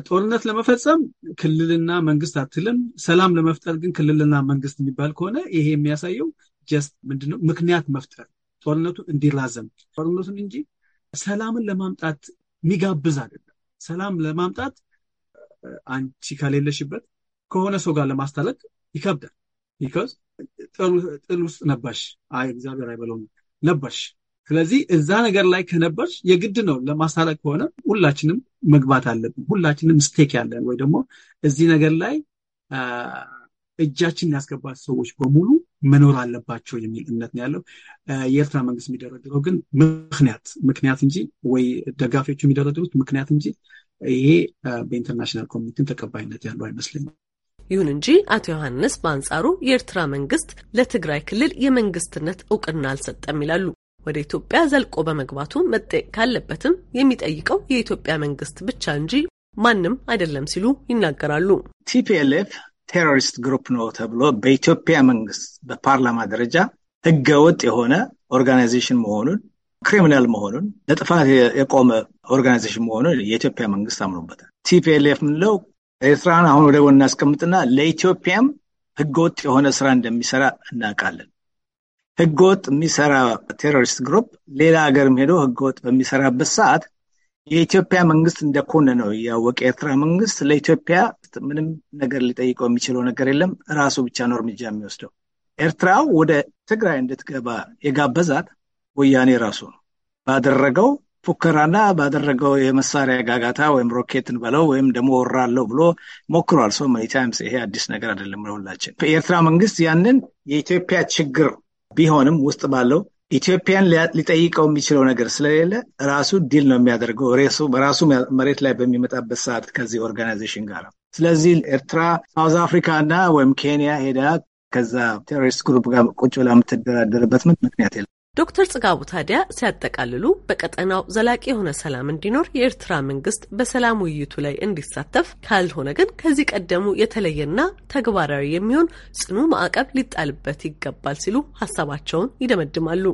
ጦርነት ለመፈጸም ክልልና መንግስት አትልም። ሰላም ለመፍጠር ግን ክልልና መንግስት የሚባል ከሆነ ይሄ የሚያሳየው ጀስት ምንድነው ምክንያት መፍጠር ጦርነቱ እንዲራዘም ጦርነቱን እንጂ ሰላምን ለማምጣት የሚጋብዝ አይደለም። ሰላም ለማምጣት አንቺ ከሌለሽበት ከሆነ ሰው ጋር ለማስታለቅ ይከብዳል። ቢካዝ ጥል ውስጥ ነበርሽ። አይ እግዚአብሔር አይበለው ነበርሽ። ስለዚህ እዛ ነገር ላይ ከነበርሽ የግድ ነው ለማስታረቅ ከሆነ ሁላችንም መግባት አለብን። ሁላችንም ስቴክ ያለን ወይ ደግሞ እዚህ ነገር ላይ እጃችን ያስገባት ሰዎች በሙሉ መኖር አለባቸው የሚል እምነት ነው ያለው። የኤርትራ መንግስት የሚደረድረው ግን ምክንያት ምክንያት እንጂ ወይ ደጋፊዎቹ የሚደረድሩት ምክንያት እንጂ ይሄ በኢንተርናሽናል ኮሚኒቲን ተቀባይነት ያለው አይመስለኝም። ይሁን እንጂ አቶ ዮሐንስ በአንጻሩ የኤርትራ መንግስት ለትግራይ ክልል የመንግስትነት እውቅና አልሰጠም ይላሉ። ወደ ኢትዮጵያ ዘልቆ በመግባቱ መጠየቅ ካለበትም የሚጠይቀው የኢትዮጵያ መንግስት ብቻ እንጂ ማንም አይደለም ሲሉ ይናገራሉ። ቲፒኤልኤፍ ቴሮሪስት ግሩፕ ነው ተብሎ በኢትዮጵያ መንግስት በፓርላማ ደረጃ ህገወጥ የሆነ ኦርጋናይዜሽን መሆኑን ክሪሚናል መሆኑን ለጥፋት የቆመ ኦርጋናይዜሽን መሆኑን የኢትዮጵያ መንግስት አምኖበታል። ቲፒኤልኤፍ የምንለው ኤርትራን አሁን ወደ ጎን እናስቀምጥና ለኢትዮጵያም ህገወጥ የሆነ ስራ እንደሚሰራ እናውቃለን። ህገወጥ የሚሰራ ቴሮሪስት ግሩፕ ሌላ ሀገርም ሄዶ ህገወጥ በሚሰራበት ሰዓት የኢትዮጵያ መንግስት እንደኮነነው ያወቀ የኤርትራ መንግስት ለኢትዮጵያ ምንም ነገር ሊጠይቀው የሚችለው ነገር የለም። ራሱ ብቻ ነው እርምጃ የሚወስደው። ኤርትራ ወደ ትግራይ እንድትገባ የጋበዛት ወያኔ ራሱ ነው ባደረገው ፉከራና ባደረገው የመሳሪያ ጋጋታ ወይም ሮኬትን በለው ወይም ደግሞ ወራለው ብሎ ሞክሯል። ሰው መኒ ታይምስ ይሄ አዲስ ነገር አይደለም። ሁላችን የኤርትራ መንግስት ያንን የኢትዮጵያ ችግር ቢሆንም ውስጥ ባለው ኢትዮጵያን ሊጠይቀው የሚችለው ነገር ስለሌለ ራሱ ዲል ነው የሚያደርገው በራሱ መሬት ላይ በሚመጣበት ሰዓት ከዚህ ኦርጋናይዜሽን ጋር። ስለዚህ ኤርትራ፣ ሳውዝ አፍሪካ እና ወይም ኬንያ ሄዳ ከዛ ቴሮሪስት ግሩፕ ጋር ቁጭ ብላ የምትደራደርበት ምክንያት የለም። ዶክተር ጽጋቡ ታዲያ ሲያጠቃልሉ በቀጠናው ዘላቂ የሆነ ሰላም እንዲኖር የኤርትራ መንግስት በሰላም ውይይቱ ላይ እንዲሳተፍ፣ ካልሆነ ግን ከዚህ ቀደሙ የተለየና ተግባራዊ የሚሆን ጽኑ ማዕቀብ ሊጣልበት ይገባል ሲሉ ሀሳባቸውን ይደመድማሉ።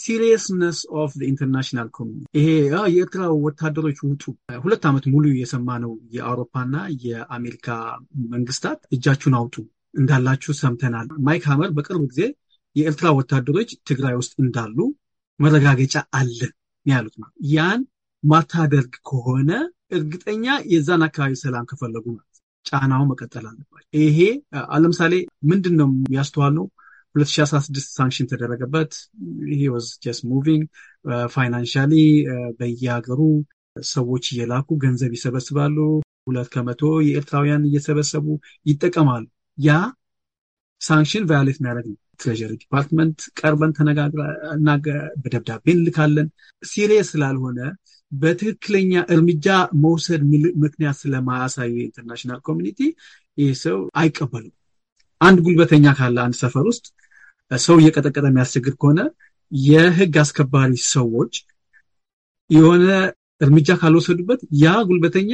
ሲሪየስነስ ኦፍ ይሄ የኤርትራ ወታደሮች ውጡ፣ ሁለት ዓመት ሙሉ የሰማ ነው። የአውሮፓና የአሜሪካ መንግስታት እጃችሁን አውጡ እንዳላችሁ ሰምተናል። ማይክ ሀመር በቅርብ ጊዜ የኤርትራ ወታደሮች ትግራይ ውስጥ እንዳሉ መረጋገጫ አለ ያሉት ነው። ያን ማታደርግ ከሆነ እርግጠኛ የዛን አካባቢ ሰላም ከፈለጉ ማለት ጫናው መቀጠል አለባቸው። ይሄ ለምሳሌ ምንድን ነው ነው 2016 ሳንክሽን ተደረገበት። ይሄ ወዝ ጀስት ሙቪንግ ፋይናንሻሊ በየሀገሩ ሰዎች እየላኩ ገንዘብ ይሰበስባሉ። ሁለት ከመቶ የኤርትራውያን እየሰበሰቡ ይጠቀማሉ። ያ ሳንክሽን ቫዮሌት የሚያደርግ ነው። ትሬጀሪ ዲፓርትመንት ቀርበን ተነጋግረና በደብዳቤ እንልካለን። ሲሪየስ ስላልሆነ በትክክለኛ እርምጃ መውሰድ ምክንያት ስለማያሳዩ የኢንተርናሽናል ኮሚኒቲ ይህ ሰው አይቀበሉም። አንድ ጉልበተኛ ካለ አንድ ሰፈር ውስጥ ሰው እየቀጠቀጠ የሚያስቸግር ከሆነ የህግ አስከባሪ ሰዎች የሆነ እርምጃ ካልወሰዱበት ያ ጉልበተኛ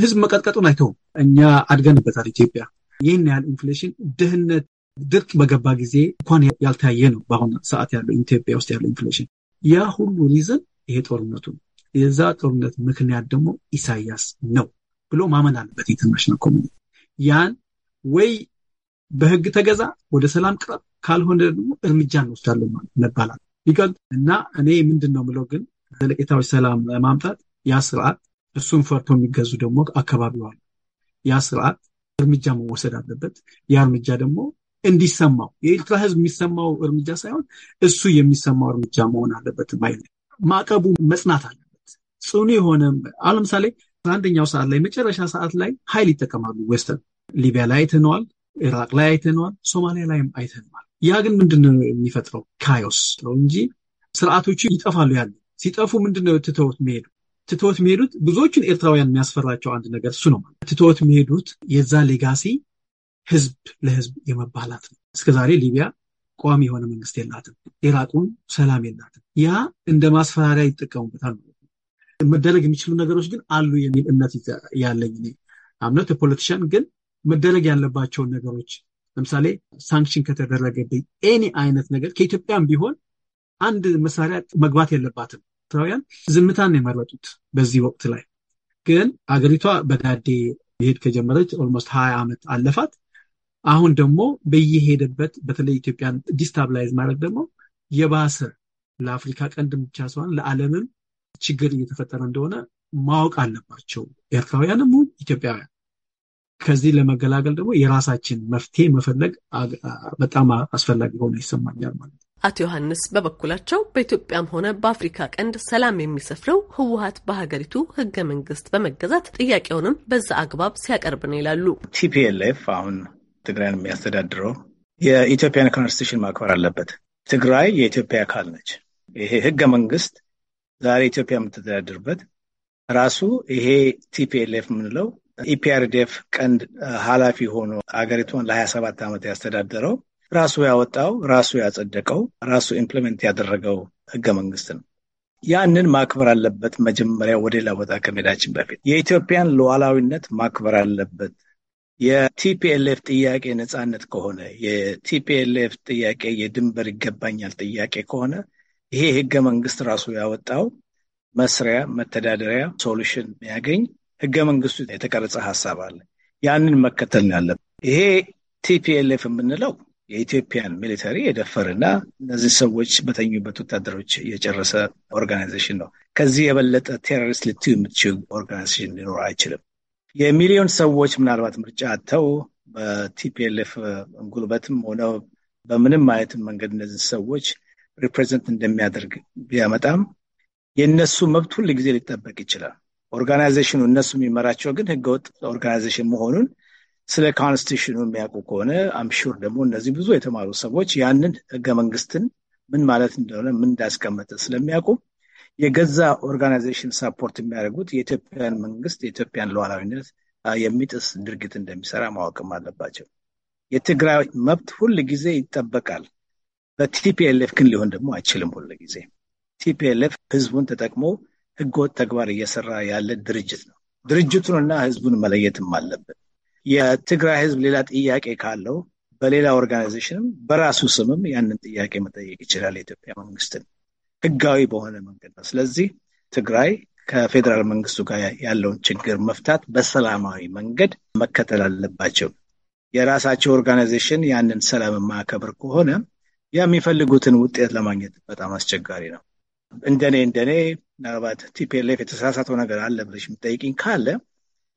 ህዝብ መቀጥቀጡን አይተውም። እኛ አድገንበታል። ኢትዮጵያ ይህን ያህል ኢንፍሌሽን፣ ድህነት ድርቅ በገባ ጊዜ እንኳን ያልታየ ነው። በአሁኑ ሰዓት ያለው ኢትዮጵያ ውስጥ ያለው ኢንፍሌሽን ያ ሁሉ ሪዝን ይሄ ጦርነቱ የዛ ጦርነት ምክንያት ደግሞ ኢሳያስ ነው ብሎ ማመን አለበት ኢንተርናሽናል ኮሚኒቲ። ያን ወይ በህግ ተገዛ ወደ ሰላም ቅረብ፣ ካልሆነ ደግሞ እርምጃ እንወስዳለን መባላል ይቀል እና እኔ ምንድን ነው ምለው ግን ዘለቄታዊ ሰላም ለማምጣት ያ ስርዓት እሱን ፈርቶ የሚገዙ ደግሞ አካባቢዋል ያ ስርዓት እርምጃ መወሰድ አለበት። ያ እርምጃ ደግሞ እንዲሰማው የኤርትራ ህዝብ የሚሰማው እርምጃ ሳይሆን እሱ የሚሰማው እርምጃ መሆን አለበት። ማዕቀቡ መጽናት አለበት ጽኑ የሆነ አሁን ለምሳሌ አንደኛው ሰዓት ላይ መጨረሻ ሰዓት ላይ ኃይል ይጠቀማሉ። ዌስተርን ሊቢያ ላይ አይተነዋል፣ ኢራቅ ላይ አይተነዋል፣ ሶማሊያ ላይም አይተነዋል። ያ ግን ምንድን ነው የሚፈጥረው ካዮስ ነው እንጂ ስርዓቶቹ ይጠፋሉ። ያለ ሲጠፉ ምንድን ነው ትተውት መሄዱ ትተውት መሄዱት ብዙዎቹን ኤርትራውያን የሚያስፈራቸው አንድ ነገር እሱ ነው። ትተውት መሄዱት የዛ ሌጋሲ ህዝብ ለህዝብ የመባላት ነው። እስከዛሬ ሊቢያ ቋሚ የሆነ መንግስት የላትም። ኢራቁን ሰላም የላትም። ያ እንደ ማስፈራሪያ ይጠቀሙበታል መደረግ የሚችሉ ነገሮች ግን አሉ የሚል እምነት ያለኝ አምነት የፖለቲሽያን ግን መደረግ ያለባቸውን ነገሮች ለምሳሌ ሳንክሽን ከተደረገብኝ ኤኒ አይነት ነገር ከኢትዮጵያም ቢሆን አንድ መሳሪያ መግባት የለባትም። ኤርትራውያን ዝምታን የመረጡት በዚህ ወቅት ላይ ግን አገሪቷ በዳዴ ሄድ ከጀመረች ኦልሞስት ሀያ ዓመት አለፋት። አሁን ደግሞ በየሄደበት በተለይ ኢትዮጵያን ዲስታብላይዝ ማድረግ ደግሞ የባሰ ለአፍሪካ ቀንድ ብቻ ሳይሆን ለዓለምም ችግር እየተፈጠረ እንደሆነ ማወቅ አለባቸው ኤርትራውያንም ኢትዮጵያውያን። ከዚህ ለመገላገል ደግሞ የራሳችን መፍትሄ መፈለግ በጣም አስፈላጊ ሆኖ ይሰማኛል ማለት ነው። አቶ ዮሐንስ በበኩላቸው በኢትዮጵያም ሆነ በአፍሪካ ቀንድ ሰላም የሚሰፍረው ህወሀት በሀገሪቱ ህገ መንግስት በመገዛት ጥያቄውንም በዛ አግባብ ሲያቀርብ ነው ይላሉ። ቲፒኤልኤፍ አሁን ትግራይን የሚያስተዳድረው የኢትዮጵያን ኮንስቲቱሽን ማክበር አለበት። ትግራይ የኢትዮጵያ አካል ነች። ይሄ ህገ መንግስት ዛሬ ኢትዮጵያ የምትተዳድርበት ራሱ ይሄ ቲፒኤልኤፍ የምንለው ኢፒአርዲኤፍ ቀንድ ኃላፊ ሆኖ አገሪቷን ለሀያ ሰባት ዓመት ያስተዳደረው ራሱ ያወጣው ራሱ ያጸደቀው ራሱ ኢምፕሊመንት ያደረገው ህገ መንግስት ነው። ያንን ማክበር አለበት። መጀመሪያ ወደ ሌላ ቦታ ከመሄዳችን በፊት የኢትዮጵያን ሉዓላዊነት ማክበር አለበት የቲፒኤልኤፍ ጥያቄ ነፃነት ከሆነ የቲፒኤልኤፍ ጥያቄ የድንበር ይገባኛል ጥያቄ ከሆነ ይሄ ህገ መንግስት ራሱ ያወጣው መስሪያ መተዳደሪያ ሶሉሽን የሚያገኝ ህገ መንግስቱ የተቀረጸ ሀሳብ አለ። ያንን መከተል ነው ያለብን። ይሄ ቲፒኤልኤፍ የምንለው የኢትዮጵያን ሚሊተሪ የደፈርና እነዚህ ሰዎች በተኙበት ወታደሮች የጨረሰ ኦርጋናይዜሽን ነው። ከዚህ የበለጠ ቴሮሪስት ልትዩ የምትችል ኦርጋናይዜሽን ሊኖር አይችልም። የሚሊዮን ሰዎች ምናልባት ምርጫ አጥተው በቲፒኤልኤፍ ጉልበትም ሆነው በምንም አይነት መንገድ እነዚህ ሰዎች ሪፕሬዘንት እንደሚያደርግ ቢያመጣም የእነሱ መብት ሁል ጊዜ ሊጠበቅ ይችላል። ኦርጋናይዜሽኑ እነሱ የሚመራቸው ግን ህገወጥ ኦርጋናይዜሽን መሆኑን ስለ ኮንስቲቱሽኑ የሚያውቁ ከሆነ አምሹር ደግሞ እነዚህ ብዙ የተማሩ ሰዎች ያንን ህገ መንግስትን ምን ማለት እንደሆነ ምን እንዳስቀመጠ ስለሚያውቁ የገዛ ኦርጋናይዜሽን ሳፖርት የሚያደርጉት የኢትዮጵያን መንግስት የኢትዮጵያን ሉዓላዊነት የሚጥስ ድርጊት እንደሚሰራ ማወቅም አለባቸው። የትግራይ መብት ሁል ጊዜ ይጠበቃል። በቲፒኤልኤፍ ግን ሊሆን ደግሞ አይችልም። ሁል ጊዜ ቲፒኤልኤፍ ህዝቡን ተጠቅሞ ህገወጥ ተግባር እየሰራ ያለ ድርጅት ነው። ድርጅቱንና ህዝቡን መለየትም አለብን። የትግራይ ህዝብ ሌላ ጥያቄ ካለው በሌላ ኦርጋናይዜሽንም በራሱ ስምም ያንን ጥያቄ መጠየቅ ይችላል የኢትዮጵያ መንግስትን ህጋዊ በሆነ መንገድ ነው። ስለዚህ ትግራይ ከፌዴራል መንግስቱ ጋር ያለውን ችግር መፍታት በሰላማዊ መንገድ መከተል አለባቸው። የራሳቸው ኦርጋናይዜሽን ያንን ሰላም የማያከብር ከሆነ የሚፈልጉትን ውጤት ለማግኘት በጣም አስቸጋሪ ነው። እንደኔ እንደኔ ምናልባት ቲፒኤልኤፍ የተሳሳተው ነገር አለ ብለሽ የምጠይቅኝ ካለ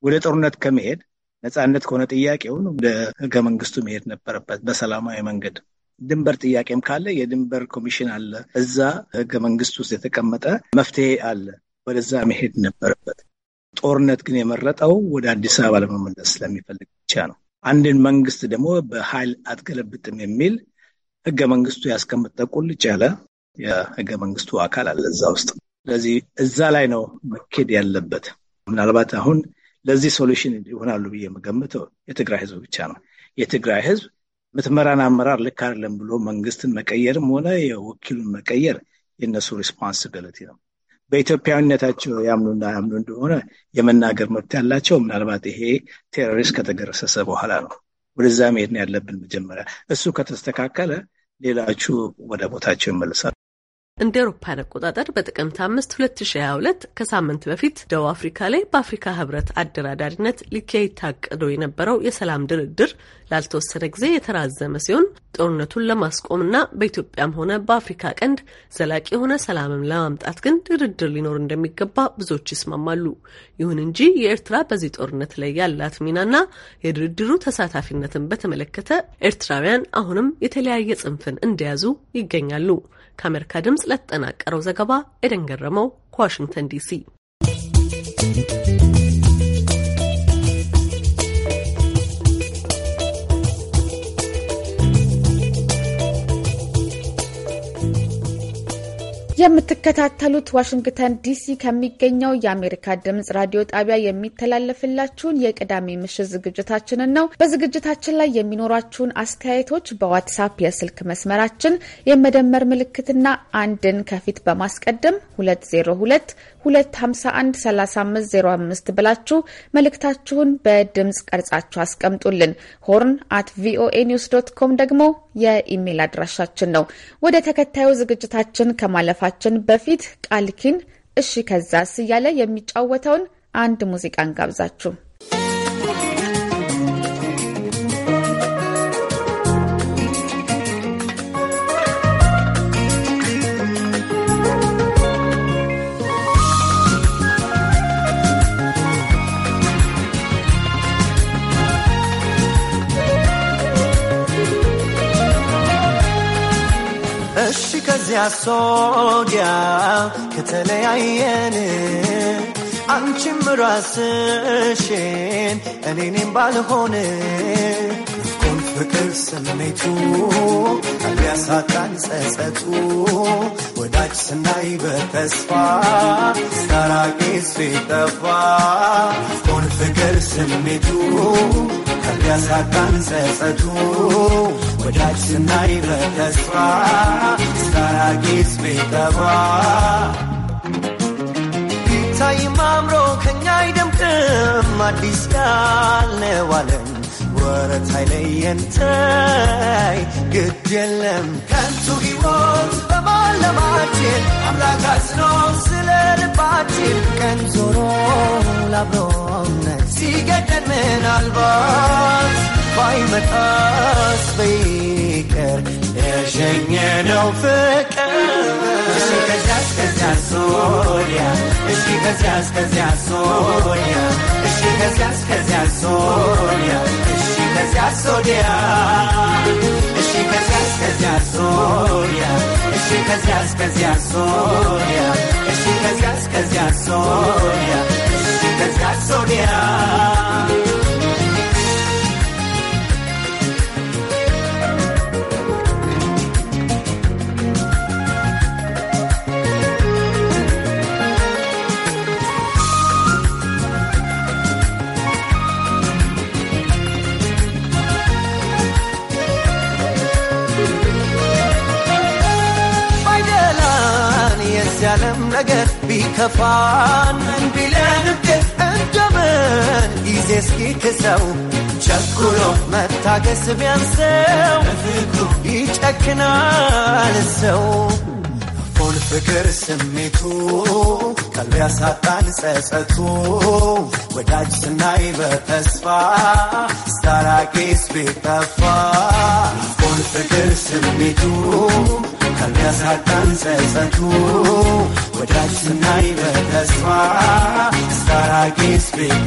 ወደ ጦርነት ከመሄድ ነፃነት ከሆነ ጥያቄውን ወደ ህገ መንግስቱ መሄድ ነበረበት በሰላማዊ መንገድ። ድንበር ጥያቄም ካለ የድንበር ኮሚሽን አለ። እዛ ህገ መንግስት ውስጥ የተቀመጠ መፍትሄ አለ። ወደዛ መሄድ ነበረበት። ጦርነት ግን የመረጠው ወደ አዲስ አበባ ለመመለስ ስለሚፈልግ ብቻ ነው። አንድን መንግስት ደግሞ በኃይል አትገለብጥም የሚል ህገ መንግስቱ ያስቀመጠ ቁልጭ ያለ የህገ መንግስቱ አካል አለ እዛ ውስጥ። ስለዚህ እዛ ላይ ነው መኬድ ያለበት። ምናልባት አሁን ለዚህ ሶሉሽን ይሆናሉ ብዬ የምገምተው የትግራይ ህዝብ ብቻ ነው። የትግራይ ህዝብ ምትመራን አመራር ልክ አይደለም ብሎ መንግስትን መቀየርም ሆነ የወኪሉን መቀየር የእነሱ ሪስፖንሲቢሊቲ ነው። በኢትዮጵያዊነታቸው ያምኑና ያምኑ እንደሆነ የመናገር መብት ያላቸው ምናልባት ይሄ ቴሮሪስት ከተገረሰሰ በኋላ ነው። ወደዛ መሄድ ያለብን መጀመሪያ። እሱ ከተስተካከለ ሌላችሁ ወደ ቦታቸው ይመልሳል። እንደ አውሮፓን አቆጣጠር በጥቅምት 5 2022 ከሳምንት በፊት ደቡብ አፍሪካ ላይ በአፍሪካ ህብረት አደራዳሪነት ሊካሄድ ታቅዶ የነበረው የሰላም ድርድር ላልተወሰነ ጊዜ የተራዘመ ሲሆን ጦርነቱን ለማስቆምና በኢትዮጵያም ሆነ በአፍሪካ ቀንድ ዘላቂ የሆነ ሰላምም ለማምጣት ግን ድርድር ሊኖር እንደሚገባ ብዙዎች ይስማማሉ። ይሁን እንጂ የኤርትራ በዚህ ጦርነት ላይ ያላት ሚናና የድርድሩ ተሳታፊነትን በተመለከተ ኤርትራውያን አሁንም የተለያየ ጽንፍን እንደያዙ ይገኛሉ። ከአሜሪካ ድምፅ ለተጠናቀረው ዘገባ ኤደን ገረመው ከዋሽንግተን ዲሲ የምትከታተሉት ዋሽንግተን ዲሲ ከሚገኘው የአሜሪካ ድምጽ ራዲዮ ጣቢያ የሚተላለፍላችሁን የቅዳሜ ምሽት ዝግጅታችንን ነው። በዝግጅታችን ላይ የሚኖራችሁን አስተያየቶች በዋትሳፕ የስልክ መስመራችን የመደመር ምልክትና አንድን ከፊት በማስቀደም 202 2513505 ብላችሁ መልእክታችሁን በድምፅ ቀርጻችሁ አስቀምጡልን። ሆርን አት ቪኦኤ ኒውስ ዶት ኮም ደግሞ የኢሜል አድራሻችን ነው። ወደ ተከታዩ ዝግጅታችን ከማለፋችን በፊት ቃልኪን እሺ ከዛስ እያለ የሚጫወተውን አንድ ሙዚቃ እንጋብዛችሁ። ከዚያስ ወዲያ ከተለያየን አንቺም ራስሽን እኔኔም ባልሆን ቁም ፍቅር ስሜቱ አቢያሳጣን ጸጸቱ ወዳጅ ስናይ በተስፋ ስታራቂ ሲጠፋ ቁም ፍቅር ስሜቱ አቢያሳጣን ጸጸቱ ወዳጅ ስናይ በተስፋ ስታራጊስ ቤተባ ቢታይም አምሮ ከኛ አይደምቅም አዲስ ያልነው ዓለም ወረት አይለየንተይ ግድ የለም ከንቱ ሕይወት በማለማችን አምላክ አዝኖ ስለ ልባችን ቀን ዞሮ ላብሮነት ሲገደን ምናልባት ባይመጣ ስይቀር ነው ፍቅር እሺ ከዚያስ ከዚያ ሶሪያ እሺ ከዚያስ ከዚያ ሶሪያ እሺ ከዚያስ ከዚያ ሶሪያ እሺ ከዚያስ ወዲያ እሺ ከዚያ ሶሪያ እሺ ከዚያ ሶሪያ እሺ ከዚያ ሶሪያ ነገር ቢከፋን ቢለን እንደምን ጊዜ እስኪክሰው ቸኩሎ መታገስ ቢያንሰው ይጨክናል ሰው ሆን ፍቅር ስሜቱ ቀልብ ያሳጣን ጸጸቱ ወዳጅ ስናይ በተስፋ ስታራቂስ ቢጠፋ ሆን ፍቅር ስሜቱ አንቀሳቃን ጸጸቱ ወዳጅ ስናይ በተስፋ ስታራጌስ ቤት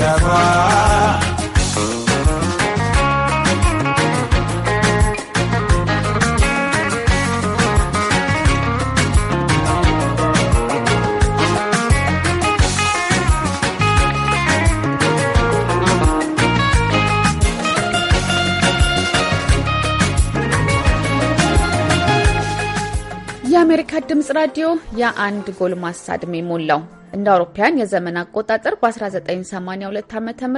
የአሜሪካ ድምፅ ራዲዮ የአንድ ጎልማሳ ዕድሜ ሞላው እንደ አውሮፓውያን የዘመን አቆጣጠር በ1982 ዓ ም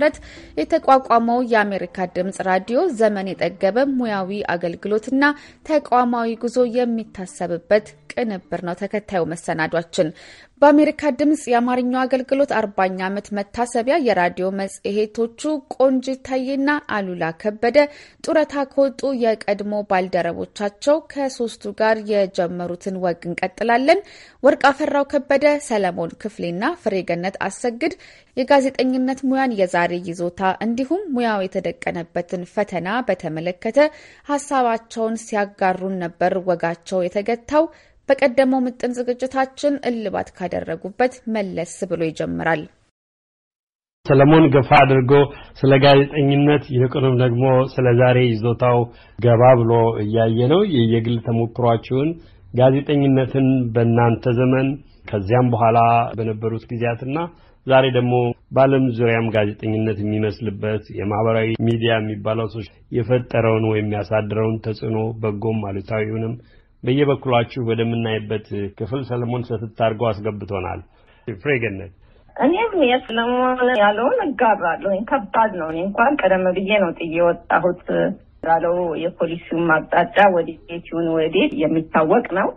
የተቋቋመው የአሜሪካ ድምጽ ራዲዮ ዘመን የጠገበ ሙያዊ አገልግሎትና ተቋማዊ ጉዞ የሚታሰብበት ቅንብር ነው። ተከታዩ መሰናዷችን በአሜሪካ ድምጽ የአማርኛው አገልግሎት አርባኛ ዓመት መታሰቢያ የራዲዮ መጽሔቶቹ ቆንጅ ታዬና አሉላ ከበደ ጡረታ ከወጡ የቀድሞ ባልደረቦቻቸው ከሶስቱ ጋር የጀመሩትን ወግ እንቀጥላለን። ወርቅ አፈራው ከበደ፣ ሰለሞን ክፍሌና ፍሬገነት አሰግድ የጋዜጠኝነት ሙያን የዛሬ ይዞታ እንዲሁም ሙያው የተደቀነበትን ፈተና በተመለከተ ሀሳባቸውን ሲያጋሩን ነበር። ወጋቸው የተገታው በቀደመው ምጥን ዝግጅታችን እልባት ካደረጉበት መለስ ብሎ ይጀምራል። ሰለሞን ገፋ አድርጎ ስለ ጋዜጠኝነት ይልቁንም ደግሞ ስለ ዛሬ ይዞታው ገባ ብሎ እያየ ነው የየግል ተሞክሯችሁን ጋዜጠኝነትን በእናንተ ዘመን ከዚያም በኋላ በነበሩት ጊዜያትና ዛሬ ደግሞ በዓለም ዙሪያም ጋዜጠኝነት የሚመስልበት የማህበራዊ ሚዲያ የሚባለው ሰዎች የፈጠረውን ወይም ያሳድረውን ተጽዕኖ በጎም አሉታዊውንም በየበኩላችሁ ወደምናይበት ክፍል ሰለሞን ስትታርገው አስገብቶናል። ፍሬገነት እኔም የሰለሞን ያለውን እጋራለሁ። ከባድ ነው። እኔ እንኳን ቀደም ብዬ ነው ጥዬ ወጣሁት። ያለው የፖሊሲውን ማቅጣጫ ወዴት ይሁን ወዴት የሚታወቅ ነው።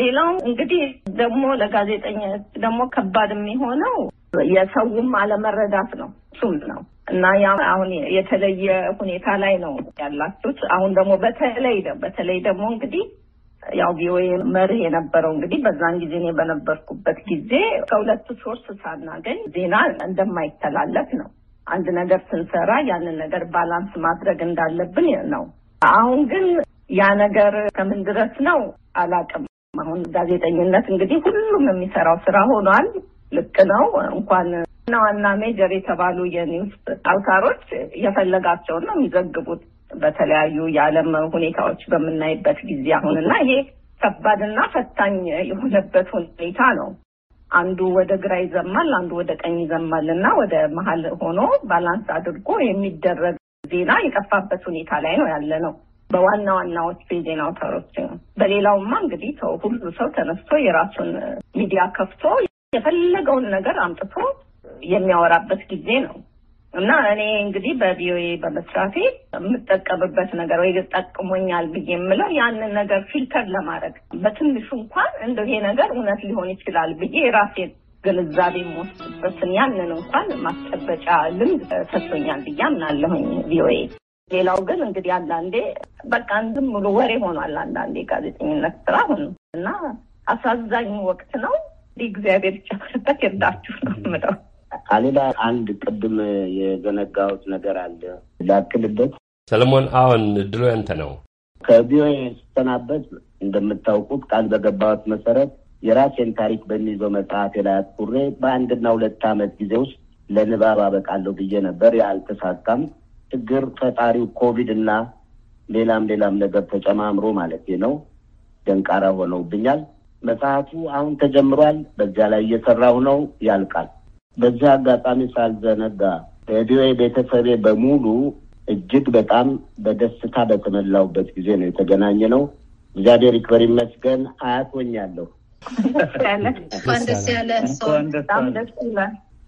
ሌላው እንግዲህ ደግሞ ለጋዜጠኛ ደግሞ ከባድ የሚሆነው የሰውም አለመረዳት ነው። እሱም ነው እና ያ አሁን የተለየ ሁኔታ ላይ ነው ያላችሁት። አሁን ደግሞ በተለይ በተለይ ደግሞ እንግዲህ ያው ቪኦኤ መርህ የነበረው እንግዲህ በዛን ጊዜ እኔ በነበርኩበት ጊዜ ከሁለት ሶርስ ሳናገኝ ዜና እንደማይተላለፍ ነው። አንድ ነገር ስንሰራ ያንን ነገር ባላንስ ማድረግ እንዳለብን ነው። አሁን ግን ያ ነገር ከምን ድረስ ነው አላውቅም። አሁን ጋዜጠኝነት እንግዲህ ሁሉም የሚሰራው ስራ ሆኗል። ልክ ነው። እንኳን ዋና ዋና ሜጀር የተባሉ የኒውስ አውታሮች የፈለጋቸውን ነው የሚዘግቡት። በተለያዩ የዓለም ሁኔታዎች በምናይበት ጊዜ አሁን እና ይሄ ከባድና ፈታኝ የሆነበት ሁኔታ ነው። አንዱ ወደ ግራ ይዘማል፣ አንዱ ወደ ቀኝ ይዘማል እና ወደ መሀል ሆኖ ባላንስ አድርጎ የሚደረግ ዜና የጠፋበት ሁኔታ ላይ ነው ያለ ነው በዋና ዋናዎች የዜና አውታሮች ነው። በሌላውማ እንግዲህ ሰው ሁሉ ሰው ተነስቶ የራሱን ሚዲያ ከፍቶ የፈለገውን ነገር አምጥቶ የሚያወራበት ጊዜ ነው። እና እኔ እንግዲህ በቪኦኤ በመስራቴ የምጠቀምበት ነገር ወይ ጠቅሞኛል ብዬ የምለው ያንን ነገር ፊልተር ለማድረግ በትንሹ እንኳን እንደ ይሄ ነገር እውነት ሊሆን ይችላል ብዬ የራሴ ግንዛቤ የምወስድበትን ያንን እንኳን ማስጨበጫ ልምድ ሰጥቶኛል ብዬ አምናለሁኝ ቪኦኤ። ሌላው ግን እንግዲህ አንዳንዴ በቃ ዝም ብሎ ወሬ ሆኗል። አንዳንዴ ጋዜጠኝነት ስራ ሆኑ እና አሳዛኝ ወቅት ነው። እንዲህ እግዚአብሔር ይጨምርበት ይርዳችሁ ነው የምለው። ከሌላ አንድ ቅድም የዘነጋሁት ነገር አለ ላክልበት። ሰለሞን፣ አሁን እድሉ ያንተ ነው። ከቪኦኤ ስሰናበት እንደምታውቁት ቃል በገባሁት መሰረት የራሴን ታሪክ በሚይዘው መጽሐፌ ላይ አትኩሬ በአንድና ሁለት ዓመት ጊዜ ውስጥ ለንባብ አበቃለሁ ብዬ ነበር። ያልተሳካም ችግር ፈጣሪው ኮቪድ እና ሌላም ሌላም ነገር ተጨማምሮ ማለት ነው ደንቃራ ሆነውብኛል። መጽሐፉ አሁን ተጀምሯል። በዚያ ላይ እየሰራሁ ነው። ያልቃል። በዚህ አጋጣሚ ሳልዘነጋ ሬዲዮ ቤተሰቤ በሙሉ እጅግ በጣም በደስታ በተመላውበት ጊዜ ነው የተገናኘ ነው። እግዚአብሔር ይክበር ይመስገን። አያቶኛለሁ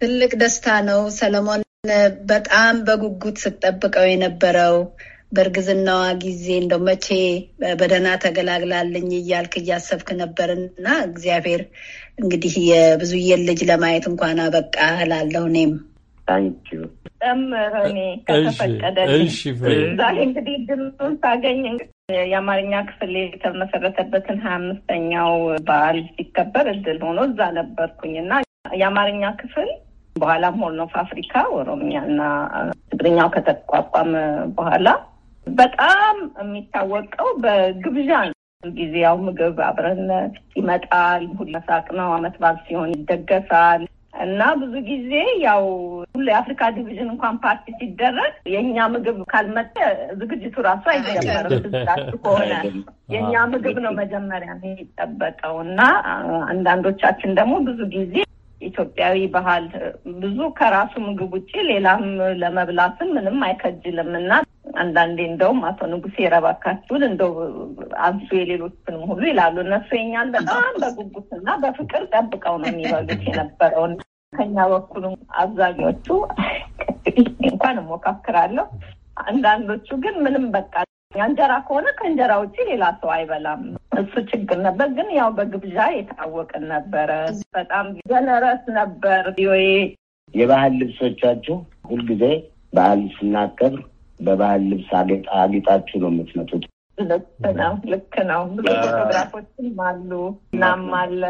ትልቅ ደስታ ነው ሰለሞን። በጣም በጉጉት ስትጠብቀው የነበረው በእርግዝናዋ ጊዜ እንደው መቼ በደህና ተገላግላለኝ እያልክ እያሰብክ ነበርና እግዚአብሔር እንግዲህ የብዙዬን ልጅ ለማየት እንኳን አበቃ እላለሁ። እኔም ጨምሮኔ ከተፈቀደልኝ ዛሬ እንግዲህ ድሉን ሳገኝ የአማርኛ ክፍል የተመሰረተበትን ሀያ አምስተኛው በዓል ሲከበር እድል ሆኖ እዛ ነበርኩኝ እና የአማርኛ ክፍል በኋላም ሆርን ኦፍ አፍሪካ ኦሮምኛና ትግርኛው ከተቋቋመ በኋላ በጣም የሚታወቀው በግብዣ ነው። ጊዜ ያው ምግብ አብረን ይመጣል። ሁለሳቅ ነው። አመት በዓል ሲሆን ይደገሳል እና ብዙ ጊዜ ያው ሁሉ የአፍሪካ ዲቪዥን እንኳን ፓርቲ ሲደረግ የእኛ ምግብ ካልመጠ ዝግጅቱ ራሱ አይጀመርም። ስላችሁ ከሆነ የእኛ ምግብ ነው መጀመሪያ የሚጠበቀው እና አንዳንዶቻችን ደግሞ ብዙ ጊዜ ኢትዮጵያዊ ባህል ብዙ ከራሱ ምግብ ውጭ ሌላም ለመብላትም ምንም አይከጅልም እና አንዳንዴ እንደውም አቶ ንጉሴ የረባካችሁን እንደው አንሱ የሌሎችንም ሁሉ ይላሉ። እነሱ የኛን በጣም በጉጉትና በፍቅር ጠብቀው ነው የሚበሉት የነበረውን። ከኛ በኩልም አብዛኞቹ እንኳን እሞካክራለሁ። አንዳንዶቹ ግን ምንም በቃ እንጀራ ከሆነ ከእንጀራ ውጭ ሌላ ሰው አይበላም። እሱ ችግር ነበር። ግን ያው በግብዣ የታወቅን ነበረ። በጣም ጀነረስ ነበር። ቪኦኤ የባህል ልብሶቻችሁ ሁልጊዜ በዓል ስናከብር በባህል ልብስ አጌጣችሁ ነው የምትመጡት። ልክ ነው፣ ልክ ነው። ብዙ ፎቶግራፎችም አሉ። እናም አለ።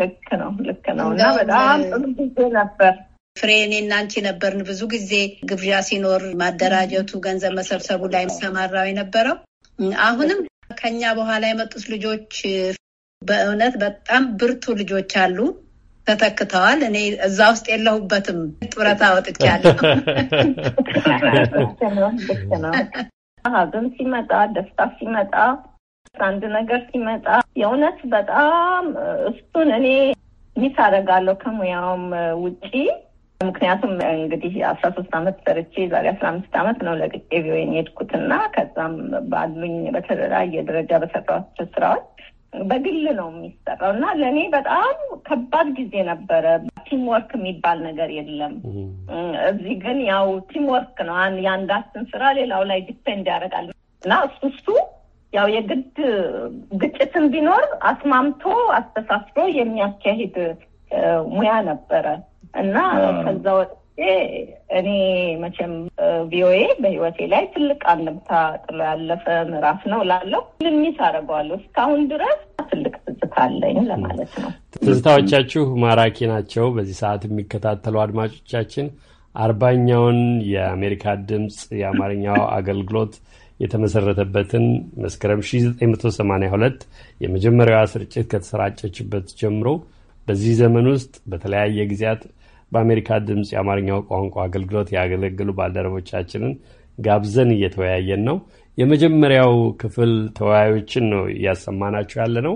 ልክ ነው፣ ልክ ነው። እና በጣም ጥሩ ጊዜ ነበር። ፍሬ እኔ እና አንቺ ነበርን ብዙ ጊዜ ግብዣ ሲኖር ማደራጀቱ፣ ገንዘብ መሰብሰቡ ላይ ሰማራው የነበረው። አሁንም ከኛ በኋላ የመጡት ልጆች በእውነት በጣም ብርቱ ልጆች አሉ። ተተክተዋል። እኔ እዛ ውስጥ የለሁበትም። ጡረታ ወጥቻለሁ። ሀዘን ሲመጣ ደስታ ሲመጣ አንድ ነገር ሲመጣ የእውነት በጣም እሱን እኔ ሚስ አደርጋለሁ ከሙያውም ውጪ ምክንያቱም እንግዲህ አስራ ሶስት አመት ሰርቼ ዛሬ አስራ አምስት አመት ነው ለቅቄ ቪኦኤን የሄድኩትና ከዛም ባሉኝ በተለያየ ደረጃ በሰራቸው ስራዎች በግል ነው የሚሰራው እና ለእኔ በጣም ከባድ ጊዜ ነበረ። ቲምወርክ ወርክ የሚባል ነገር የለም። እዚህ ግን ያው ቲም ወርክ ነው። የአንዳችን ስራ ሌላው ላይ ዲፔንድ ያደርጋል እና እሱ እሱ ያው የግድ ግጭትን ቢኖር አስማምቶ አስተሳስሮ የሚያካሂድ ሙያ ነበረ እና ከዛ ወጥ እኔ መቼም ቪኦኤ በህይወቴ ላይ ትልቅ አንድምታ ጥሎ ያለፈ ምዕራፍ ነው ላለው ልሚስ አደርገዋለሁ እስካሁን ድረስ ትልቅ ትዝታ አለኝ ለማለት ነው። ትዝታዎቻችሁ ማራኪ ናቸው። በዚህ ሰዓት የሚከታተሉ አድማጮቻችን አርባኛውን የአሜሪካ ድምፅ የአማርኛው አገልግሎት የተመሰረተበትን መስከረም 1982 የመጀመሪያዋ ስርጭት ከተሰራጨችበት ጀምሮ በዚህ ዘመን ውስጥ በተለያየ ጊዜያት በአሜሪካ ድምፅ የአማርኛው ቋንቋ አገልግሎት ያገለግሉ ባልደረቦቻችንን ጋብዘን እየተወያየን ነው። የመጀመሪያው ክፍል ተወያዮችን ነው እያሰማናቸው ያለ ነው።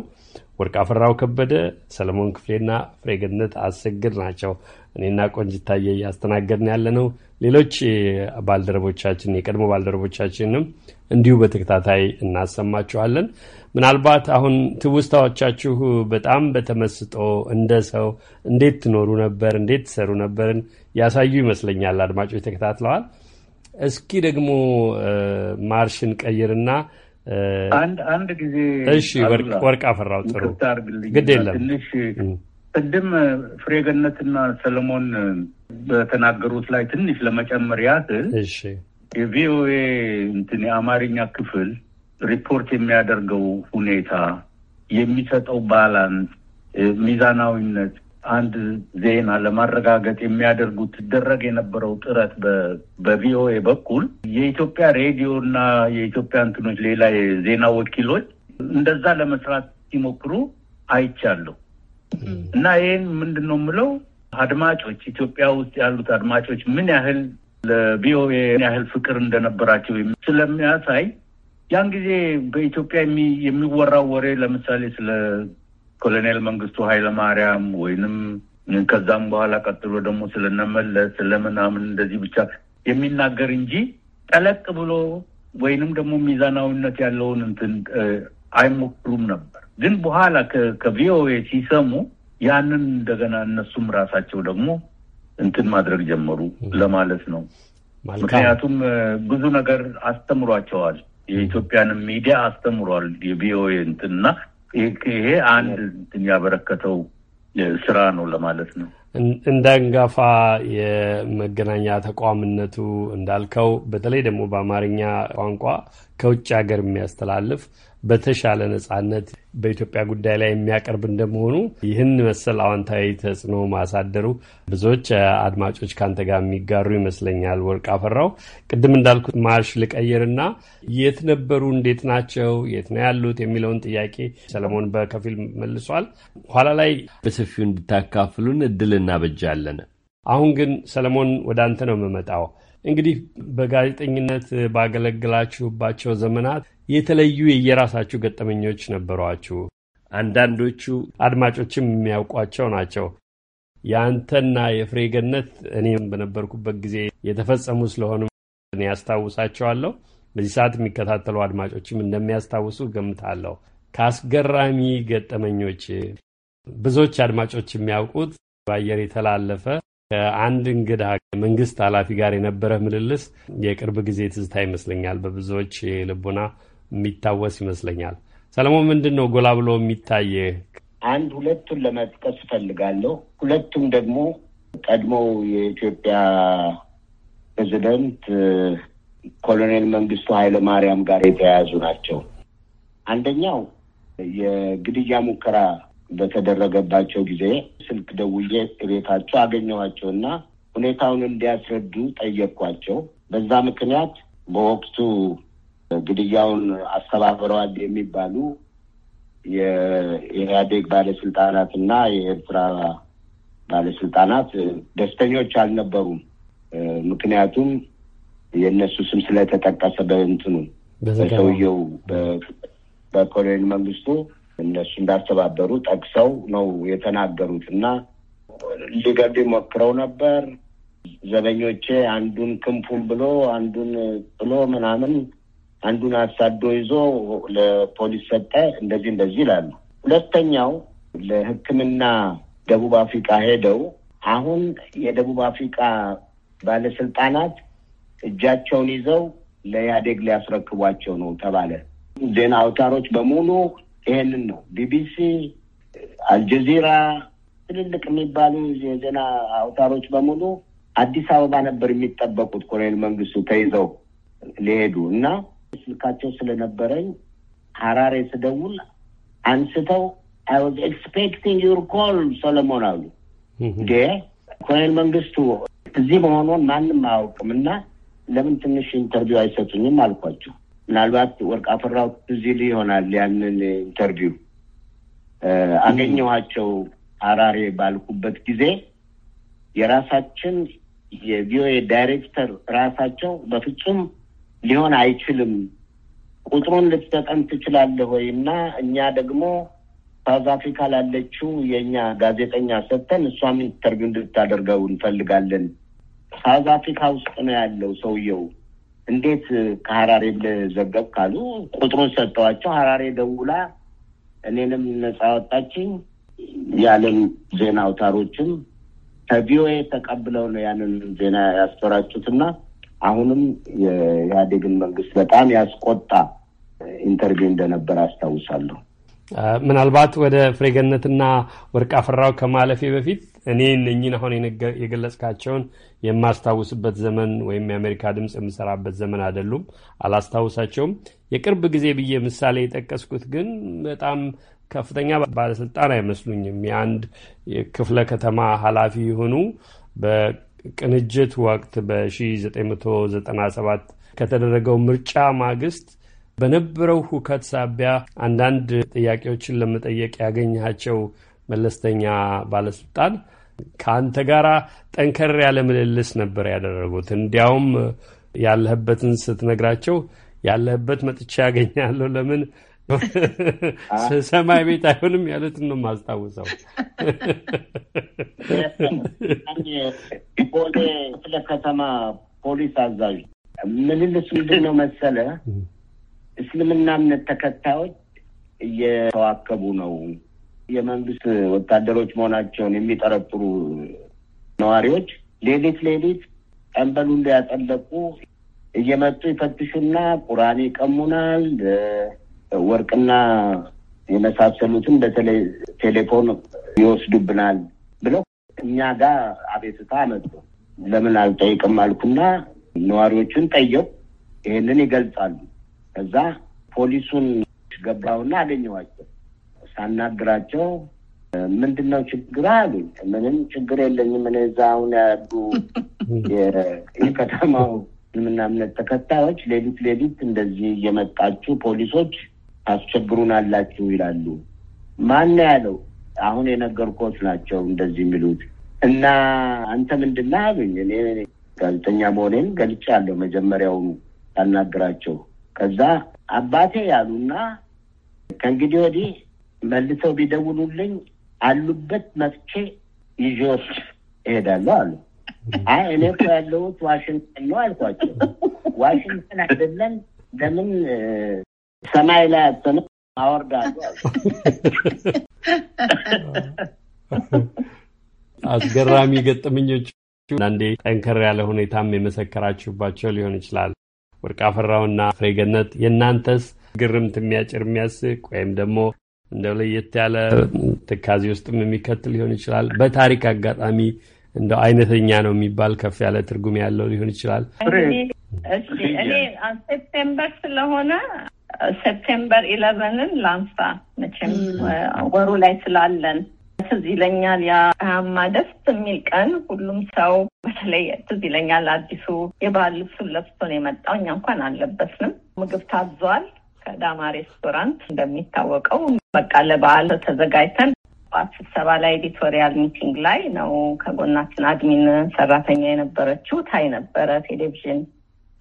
ወርቅ አፈራው ከበደ፣ ሰለሞን ክፍሌና ፍሬግነት አሰግድ ናቸው። እኔና ቆንጅታየ እያስተናገድን ያለ ነው። ሌሎች ባልደረቦቻችን የቀድሞ ባልደረቦቻችንም እንዲሁ በተከታታይ እናሰማችኋለን። ምናልባት አሁን ትውስታዎቻችሁ በጣም በተመስጦ እንደ ሰው እንዴት ትኖሩ ነበር፣ እንዴት ትሰሩ ነበርን ያሳዩ ይመስለኛል። አድማጮች ተከታትለዋል። እስኪ ደግሞ ማርሽን ቀይርና አንድ ጊዜ እሺ፣ ወርቅ አፈራው ጥሩ ግድ የለም ቅድም ፍሬገነትና ሰለሞን በተናገሩት ላይ ትንሽ ለመጨመር ያህል የቪኦኤ እንትን የአማርኛ ክፍል ሪፖርት የሚያደርገው ሁኔታ የሚሰጠው ባላንስ፣ ሚዛናዊነት አንድ ዜና ለማረጋገጥ የሚያደርጉት ትደረግ የነበረው ጥረት በቪኦኤ በኩል የኢትዮጵያ ሬዲዮ እና የኢትዮጵያ እንትኖች ሌላ የዜና ወኪሎች እንደዛ ለመስራት ሲሞክሩ አይቻለሁ። እና ይህን ምንድን ነው የምለው አድማጮች ኢትዮጵያ ውስጥ ያሉት አድማጮች ምን ያህል ለቪኦኤ ያህል ፍቅር እንደነበራቸው ስለሚያሳይ ያን ጊዜ በኢትዮጵያ የሚወራው ወሬ ለምሳሌ ስለ ኮሎኔል መንግስቱ ኃይለማርያም ወይንም ከዛም በኋላ ቀጥሎ ደግሞ ስለነመለስ ስለምናምን እንደዚህ ብቻ የሚናገር እንጂ ጠለቅ ብሎ ወይንም ደግሞ ሚዛናዊነት ያለውን እንትን አይሞክሩም ነበር። ግን በኋላ ከቪኦኤ ሲሰሙ ያንን እንደገና እነሱም ራሳቸው ደግሞ እንትን ማድረግ ጀመሩ ለማለት ነው። ምክንያቱም ብዙ ነገር አስተምሯቸዋል። የኢትዮጵያንም ሚዲያ አስተምሯል የቪኦኤ እንትና ይሄ አንድ እንትን ያበረከተው ስራ ነው ለማለት ነው። እንደ አንጋፋ የመገናኛ ተቋምነቱ እንዳልከው በተለይ ደግሞ በአማርኛ ቋንቋ ከውጭ ሀገር የሚያስተላልፍ በተሻለ ነጻነት በኢትዮጵያ ጉዳይ ላይ የሚያቀርብ እንደመሆኑ ይህን መሰል አዋንታዊ ተጽዕኖ ማሳደሩ ብዙዎች አድማጮች ከአንተ ጋር የሚጋሩ ይመስለኛል። ወርቅ አፈራው፣ ቅድም እንዳልኩት ማርሽ ልቀይርና የት ነበሩ፣ እንዴት ናቸው፣ የት ነው ያሉት የሚለውን ጥያቄ ሰለሞን በከፊል መልሷል። ኋላ ላይ በሰፊው እንድታካፍሉን እድል እናበጃለን። አሁን ግን ሰለሞን ወደ አንተ ነው የምመጣው። እንግዲህ በጋዜጠኝነት ባገለግላችሁባቸው ዘመናት የተለዩ የየራሳችሁ ገጠመኞች ነበሯችሁ። አንዳንዶቹ አድማጮችም የሚያውቋቸው ናቸው። የአንተና የፍሬ ገነት እኔም በነበርኩበት ጊዜ የተፈጸሙ ስለሆኑ እኔ ያስታውሳቸዋለሁ። በዚህ ሰዓት የሚከታተሉ አድማጮችም እንደሚያስታውሱ ገምታለሁ። ከአስገራሚ ገጠመኞች ብዙዎች አድማጮች የሚያውቁት በአየር የተላለፈ ከአንድ እንግዳ መንግስት ኃላፊ ጋር የነበረ ምልልስ የቅርብ ጊዜ ትዝታ ይመስለኛል በብዙዎች ልቡና የሚታወስ ይመስለኛል። ሰለሞን፣ ምንድን ነው ጎላ ብሎ የሚታየ? አንድ ሁለቱን ለመጥቀስ እፈልጋለሁ። ሁለቱም ደግሞ ቀድሞው የኢትዮጵያ ፕሬዚደንት ኮሎኔል መንግስቱ ኃይለ ማርያም ጋር የተያያዙ ናቸው። አንደኛው የግድያ ሙከራ በተደረገባቸው ጊዜ ስልክ ደውዬ ቤታቸው አገኘኋቸው እና ሁኔታውን እንዲያስረዱ ጠየቅኳቸው። በዛ ምክንያት በወቅቱ ግድያውን አስተባብረዋል የሚባሉ የኢህአዴግ ባለስልጣናት እና የኤርትራ ባለስልጣናት ደስተኞች አልነበሩም። ምክንያቱም የእነሱ ስም ስለተጠቀሰ በእንትኑ በሰውየው በኮሎኔል መንግስቱ እነሱ እንዳስተባበሩ ጠቅሰው ነው የተናገሩት እና ሊገዱ ሞክረው ነበር። ዘበኞቼ አንዱን ክንፉን ብሎ አንዱን ጥሎ ምናምን አንዱን አሳዶ ይዞ ለፖሊስ ሰጠ፣ እንደዚህ እንደዚህ ይላሉ። ሁለተኛው ለሕክምና ደቡብ አፍሪካ ሄደው አሁን የደቡብ አፍሪካ ባለስልጣናት እጃቸውን ይዘው ለኢህአዴግ ሊያስረክቧቸው ነው ተባለ። ዜና አውታሮች በሙሉ ይሄንን ነው። ቢቢሲ፣ አልጀዚራ፣ ትልልቅ የሚባሉ የዜና አውታሮች በሙሉ አዲስ አበባ ነበር የሚጠበቁት ኮሎኔል መንግስቱ ተይዘው ሊሄዱ እና ስልካቸው ስለነበረኝ ሀራሬ ስደውል አንስተው አይ ዋዝ ኤክስፔክቲንግ ዩር ኮል ሰለሞን አሉ። እንዴ ኮሎኔል መንግስቱ እዚህ መሆኑን ማንም አያውቅም እና ለምን ትንሽ ኢንተርቪው አይሰጡኝም አልኳቸው። ምናልባት ወርቅ አፈራው ትዝ ይሆናል ያንን ኢንተርቪው አገኘኋቸው። ሀራሬ ባልኩበት ጊዜ የራሳችን የቪኦኤ ዳይሬክተር ራሳቸው በፍጹም ሊሆን አይችልም። ቁጥሩን ልትሰጠን ትችላለህ ወይ? እና እኛ ደግሞ ሳውዝ አፍሪካ ላለችው የእኛ ጋዜጠኛ ሰጥተን እሷም ኢንተርቪው እንድታደርገው እንፈልጋለን። ሳውዝ አፍሪካ ውስጥ ነው ያለው ሰውየው። እንዴት ከሀራሬ ብለህ ዘገብ ካሉ ቁጥሩን ሰጠዋቸው። ሀራሬ ደውላ እኔንም ነጻ ወጣችኝ። የዓለም ዜና አውታሮችም ከቪኦኤ ተቀብለው ነው ያንን ዜና ያስፈራችሁትና አሁንም የኢህአዴግን መንግስት በጣም ያስቆጣ ኢንተርቪው እንደነበር አስታውሳለሁ። ምናልባት ወደ ፍሬገነትና ወርቅ አፈራው ከማለፌ በፊት እኔ እነኝን አሁን የገለጽካቸውን የማስታውስበት ዘመን ወይም የአሜሪካ ድምፅ የምሰራበት ዘመን አይደሉም፣ አላስታውሳቸውም። የቅርብ ጊዜ ብዬ ምሳሌ የጠቀስኩት ግን በጣም ከፍተኛ ባለስልጣን አይመስሉኝም። የአንድ ክፍለ ከተማ ኃላፊ የሆኑ ቅንጅት ወቅት በ1997 ከተደረገው ምርጫ ማግስት በነበረው ሁከት ሳቢያ አንዳንድ ጥያቄዎችን ለመጠየቅ ያገኘሃቸው መለስተኛ ባለስልጣን ከአንተ ጋር ጠንከር ያለ ምልልስ ነበር ያደረጉት። እንዲያውም ያለህበትን ስትነግራቸው ያለህበት መጥቼ ያገኛለሁ ለምን ሰማይ ቤት አይሆንም ያሉትን ነው የማስታውሰው። ቦሌ ክፍለ ከተማ ፖሊስ አዛዥ ምልልስ ምንድን ነው መሰለ፣ እስልምና እምነት ተከታዮች እየተዋከቡ ነው። የመንግስት ወታደሮች መሆናቸውን የሚጠረጥሩ ነዋሪዎች ሌሊት ሌሊት ጠንበሉ እንዲያጠለቁ እየመጡ ይፈትሹና ቁራን ይቀሙናል ወርቅና የመሳሰሉትን በተለይ ቴሌፎን ይወስዱብናል ብለው እኛ ጋር አቤቱታ አመጡ። ለምን አልጠይቅም አልኩና ነዋሪዎቹን ጠየቁ። ይህንን ይገልጻሉ። ከዛ ፖሊሱን ገባውና አገኘዋቸው። ሳናግራቸው ምንድን ነው ችግር አሉ። ምንም ችግር የለኝም እኔ እዛ አሁን ያሉ የከተማው እስልምና እምነት ተከታዮች ሌሊት ሌሊት እንደዚህ እየመጣችሁ ፖሊሶች አላችሁ ይላሉ። ማን ያለው? አሁን የነገርኩት ናቸው እንደዚህ የሚሉት እና አንተ ምንድን ነህ አሉኝ። እኔ ጋዜጠኛ መሆኔን ገልጫለሁ መጀመሪያውኑ ሳናግራቸው። ከዛ አባቴ ያሉና ከእንግዲህ ወዲህ መልሰው ቢደውሉልኝ አሉበት መጥቼ ይዞት እሄዳለሁ አሉ። አይ እኔ እኮ ያለሁት ዋሽንግተን ነው አልኳቸው። ዋሽንግተን አይደለም ለምን ሰማይ ላይ አትሰንም አወርዳለሁ። አስገራሚ ገጠመኞች አንዳንዴ ጠንከር ያለ ሁኔታም የመሰከራችሁባቸው ሊሆን ይችላል። ወርቅ አፈራውና ፍሬገነት የእናንተስ ግርምት የሚያጭር የሚያስቅ ወይም ደግሞ እንደው ለየት ያለ ትካዜ ውስጥም የሚከትል ሊሆን ይችላል። በታሪክ አጋጣሚ እንደው አይነተኛ ነው የሚባል ከፍ ያለ ትርጉም ያለው ሊሆን ይችላል። እኔ ሴፕቴምበር ስለሆነ ሴፕቴምበር ኢለቨንን ላንሳ። መቼም mm. uh, ወሩ ላይ ስላለን ትዝ ይለኛል ያ ፀሐያማ ደስ የሚል ቀን ሁሉም ሰው በተለይ ትዝ ይለኛል አዲሱ የባህል ልብሱን ለብሶ ነው የመጣው። እኛ እንኳን አለበስንም ምግብ ታዟል ከዳማ ሬስቶራንት እንደሚታወቀው በቃ ለበዓል ተዘጋጅተን ጠዋት ስብሰባ ላይ ኤዲቶሪያል ሚቲንግ ላይ ነው ከጎናችን አድሚን ሰራተኛ የነበረችው ታይ ነበረ ቴሌቪዥን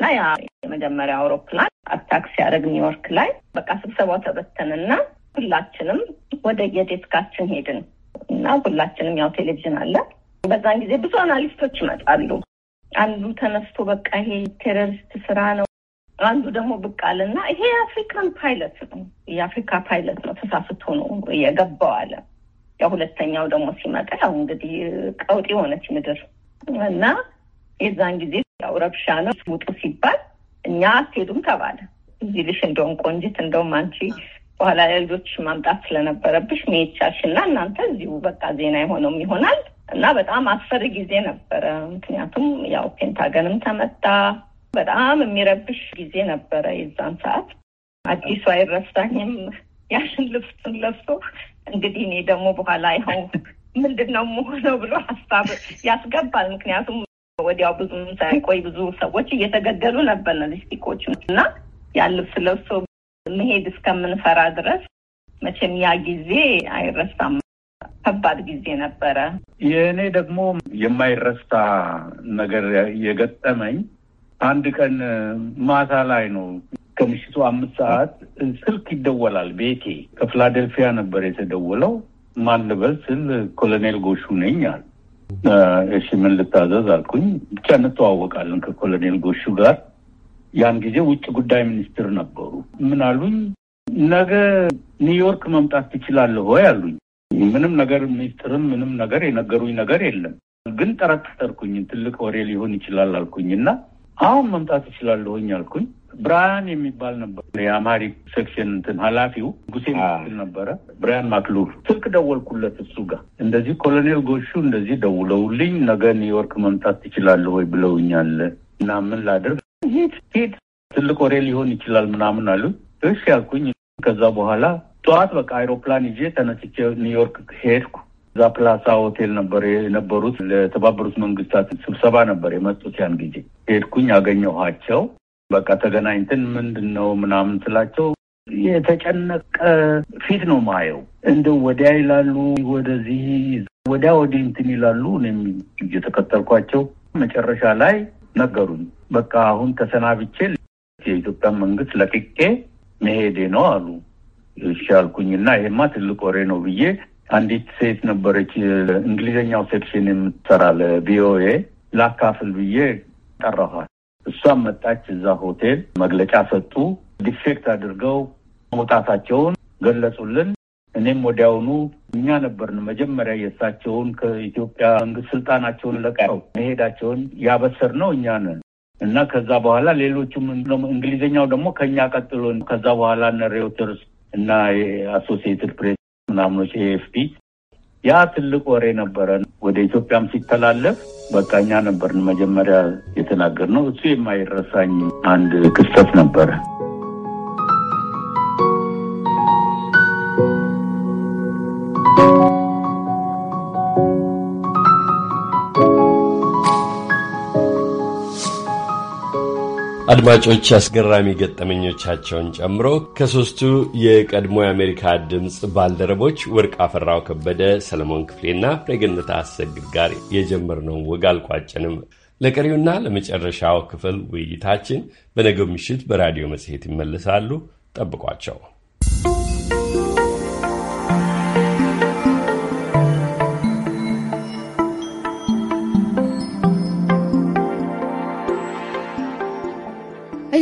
እና ያ የመጀመሪያ አውሮፕላን አታክ ሲያደርግ ኒውዮርክ ላይ በቃ ስብሰባው ተበተንና ሁላችንም ወደ የዴስካችን ሄድን እና ሁላችንም ያው ቴሌቪዥን አለ። በዛን ጊዜ ብዙ አናሊስቶች ይመጣሉ። አንዱ ተነስቶ በቃ ይሄ ቴሮሪስት ስራ ነው። አንዱ ደግሞ ብቅ አለና ይሄ የአፍሪካን ፓይለት ነው የአፍሪካ ፓይለት ነው ተሳስቶ ነው የገባው አለ። ያው ሁለተኛው ደግሞ ሲመጣ ያው እንግዲህ ቀውጢ የሆነች ምድር እና የዛን ጊዜ ያው ረብሻ ነው ውጡ ሲባል እኛ አትሄዱም ተባለ። እዚህ ልሽ እንደውም ቆንጅት እንደውም አንቺ በኋላ ልጆች ማምጣት ስለነበረብሽ መሄቻሽ እና እናንተ እዚሁ በቃ ዜና የሆነውም ይሆናል እና በጣም አስፈሪ ጊዜ ነበረ። ምክንያቱም ያው ፔንታገንም ተመታ። በጣም የሚረብሽ ጊዜ ነበረ የዛን ሰዓት። አዲሱ አይረሳኝም ያሽን ልብስን ለብሶ እንግዲህ እኔ ደግሞ በኋላ ይኸው ምንድን ነው መሆነው ብሎ ሀሳብ ያስገባል። ምክንያቱም ወዲያው ብዙም ሳይቆይ ብዙ ሰዎች እየተገደሉ ነበር። ሊስቲኮቹ እና ያን ልብስ ለብሶ መሄድ እስከምንፈራ ድረስ መቼም ያ ጊዜ አይረሳም። ከባድ ጊዜ ነበረ። የእኔ ደግሞ የማይረሳ ነገር የገጠመኝ አንድ ቀን ማታ ላይ ነው። ከምሽቱ አምስት ሰዓት ስልክ ይደወላል። ቤቴ ከፊላደልፊያ ነበር የተደወለው። ማን ልበል ስል ኮሎኔል ጎሹ ነኝ አለ። እሺ ምን ልታዘዝ አልኩኝ። ብቻ እንተዋወቃለን ከኮሎኔል ጎሹ ጋር። ያን ጊዜ ውጭ ጉዳይ ሚኒስትር ነበሩ። ምን አሉኝ፣ ነገ ኒውዮርክ መምጣት ትችላለህ ወይ አሉኝ። ምንም ነገር ሚኒስትርም ምንም ነገር የነገሩኝ ነገር የለም። ግን ጠረጠርኩኝ። ትልቅ ወሬ ሊሆን ይችላል አልኩኝ እና አሁን መምጣት እችላለሁኝ አልኩኝ። ብርሃን የሚባል ነበር የአማሪክ ሴክሽን እንትን ኃላፊው ጉሴ ምክል ነበረ። ብራያን ማክሉር ስልክ ደወልኩለት እሱ ጋር እንደዚህ ኮሎኔል ጎሹ እንደዚህ ደውለውልኝ ነገ ኒውዮርክ መምጣት ትችላለህ ወይ ብለውኛል እና ምን ላድርግ? ሂድ ሂድ ትልቅ ወሬ ሊሆን ይችላል ምናምን አሉ። እሺ ያልኩኝ። ከዛ በኋላ ጠዋት በቃ አይሮፕላን ይዤ ተነስቼ ኒውዮርክ ሄድኩ። እዛ ፕላሳ ሆቴል ነበር የነበሩት። ለተባበሩት መንግስታት ስብሰባ ነበር የመጡት ያን ጊዜ ሄድኩኝ፣ አገኘኋቸው። በቃ ተገናኝተን ምንድን ነው ምናምን ስላቸው የተጨነቀ ፊት ነው ማየው። እንደው ወዲያ ይላሉ፣ ወደዚህ ወዲያ ወዲህ እንትን ይላሉ። እኔም እየተከተልኳቸው መጨረሻ ላይ ነገሩኝ። በቃ አሁን ተሰናብቼ የኢትዮጵያ መንግስት ለቅቄ መሄዴ ነው አሉ። እሺ እና ይሄማ ትልቅ ወሬ ነው ብዬ አንዲት ሴት ነበረች እንግሊዝኛው ሴክሽን የምትሰራ ለቪኦኤ ላካፍል ብዬ ጠራኋል። እሷም መጣች። እዛ ሆቴል መግለጫ ሰጡ። ዲፌክት አድርገው መውጣታቸውን ገለጹልን። እኔም ወዲያውኑ እኛ ነበርን መጀመሪያ የእሳቸውን ከኢትዮጵያ መንግስት ስልጣናቸውን ለቀው መሄዳቸውን ያበሰር ነው እኛ ነን እና ከዛ በኋላ ሌሎቹም እንግሊዝኛው ደግሞ ከኛ ቀጥሎ ከዛ በኋላ እነ ሬውተርስ እና የአሶሲየትድ ፕሬስ ምናምኖች ኤኤፍፒ ያ ትልቅ ወሬ ነበረ። ወደ ኢትዮጵያም ሲተላለፍ በቃ እኛ ነበርን መጀመሪያ የተናገርነው። እሱ የማይረሳኝ አንድ ክስተት ነበረ። አድማጮች አስገራሚ ገጠመኞቻቸውን ጨምሮ ከሶስቱ የቀድሞ የአሜሪካ ድምፅ ባልደረቦች ወርቅ አፈራው ከበደ፣ ሰለሞን ክፍሌና ፍሬግነት አሰግድ ጋር የጀመርነውን ወግ አልቋጨንም። ለቀሪውና ለመጨረሻው ክፍል ውይይታችን በነገው ምሽት በራዲዮ መጽሔት ይመለሳሉ። ጠብቋቸው።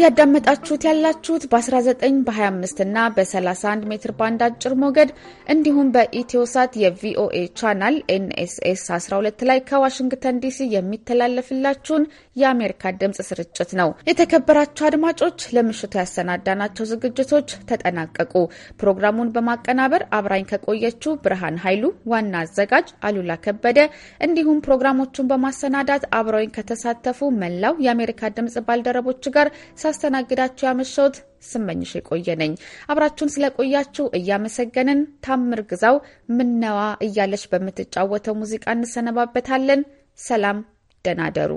እያዳመጣችሁት ያላችሁት በ19 በ25 እና በ31 ሜትር ባንድ አጭር ሞገድ እንዲሁም በኢትዮሳት የቪኦኤ ቻናል ኤንኤስኤስ 12 ላይ ከዋሽንግተን ዲሲ የሚተላለፍላችሁን የአሜሪካ ድምፅ ስርጭት ነው። የተከበራችሁ አድማጮች ለምሽቱ ያሰናዳናቸው ዝግጅቶች ተጠናቀቁ። ፕሮግራሙን በማቀናበር አብራኝ ከቆየችው ብርሃን ኃይሉ፣ ዋና አዘጋጅ አሉላ ከበደ እንዲሁም ፕሮግራሞቹን በማሰናዳት አብረውኝ ከተሳተፉ መላው የአሜሪካ ድምፅ ባልደረቦች ጋር ሳስተናግዳችሁ ያመሸሁት ስመኝሽ የቆየ ነኝ። አብራችሁን ስለቆያችሁ እያመሰገንን ታምር ግዛው ምነዋ እያለች በምትጫወተው ሙዚቃ እንሰነባበታለን። ሰላም ደናደሩ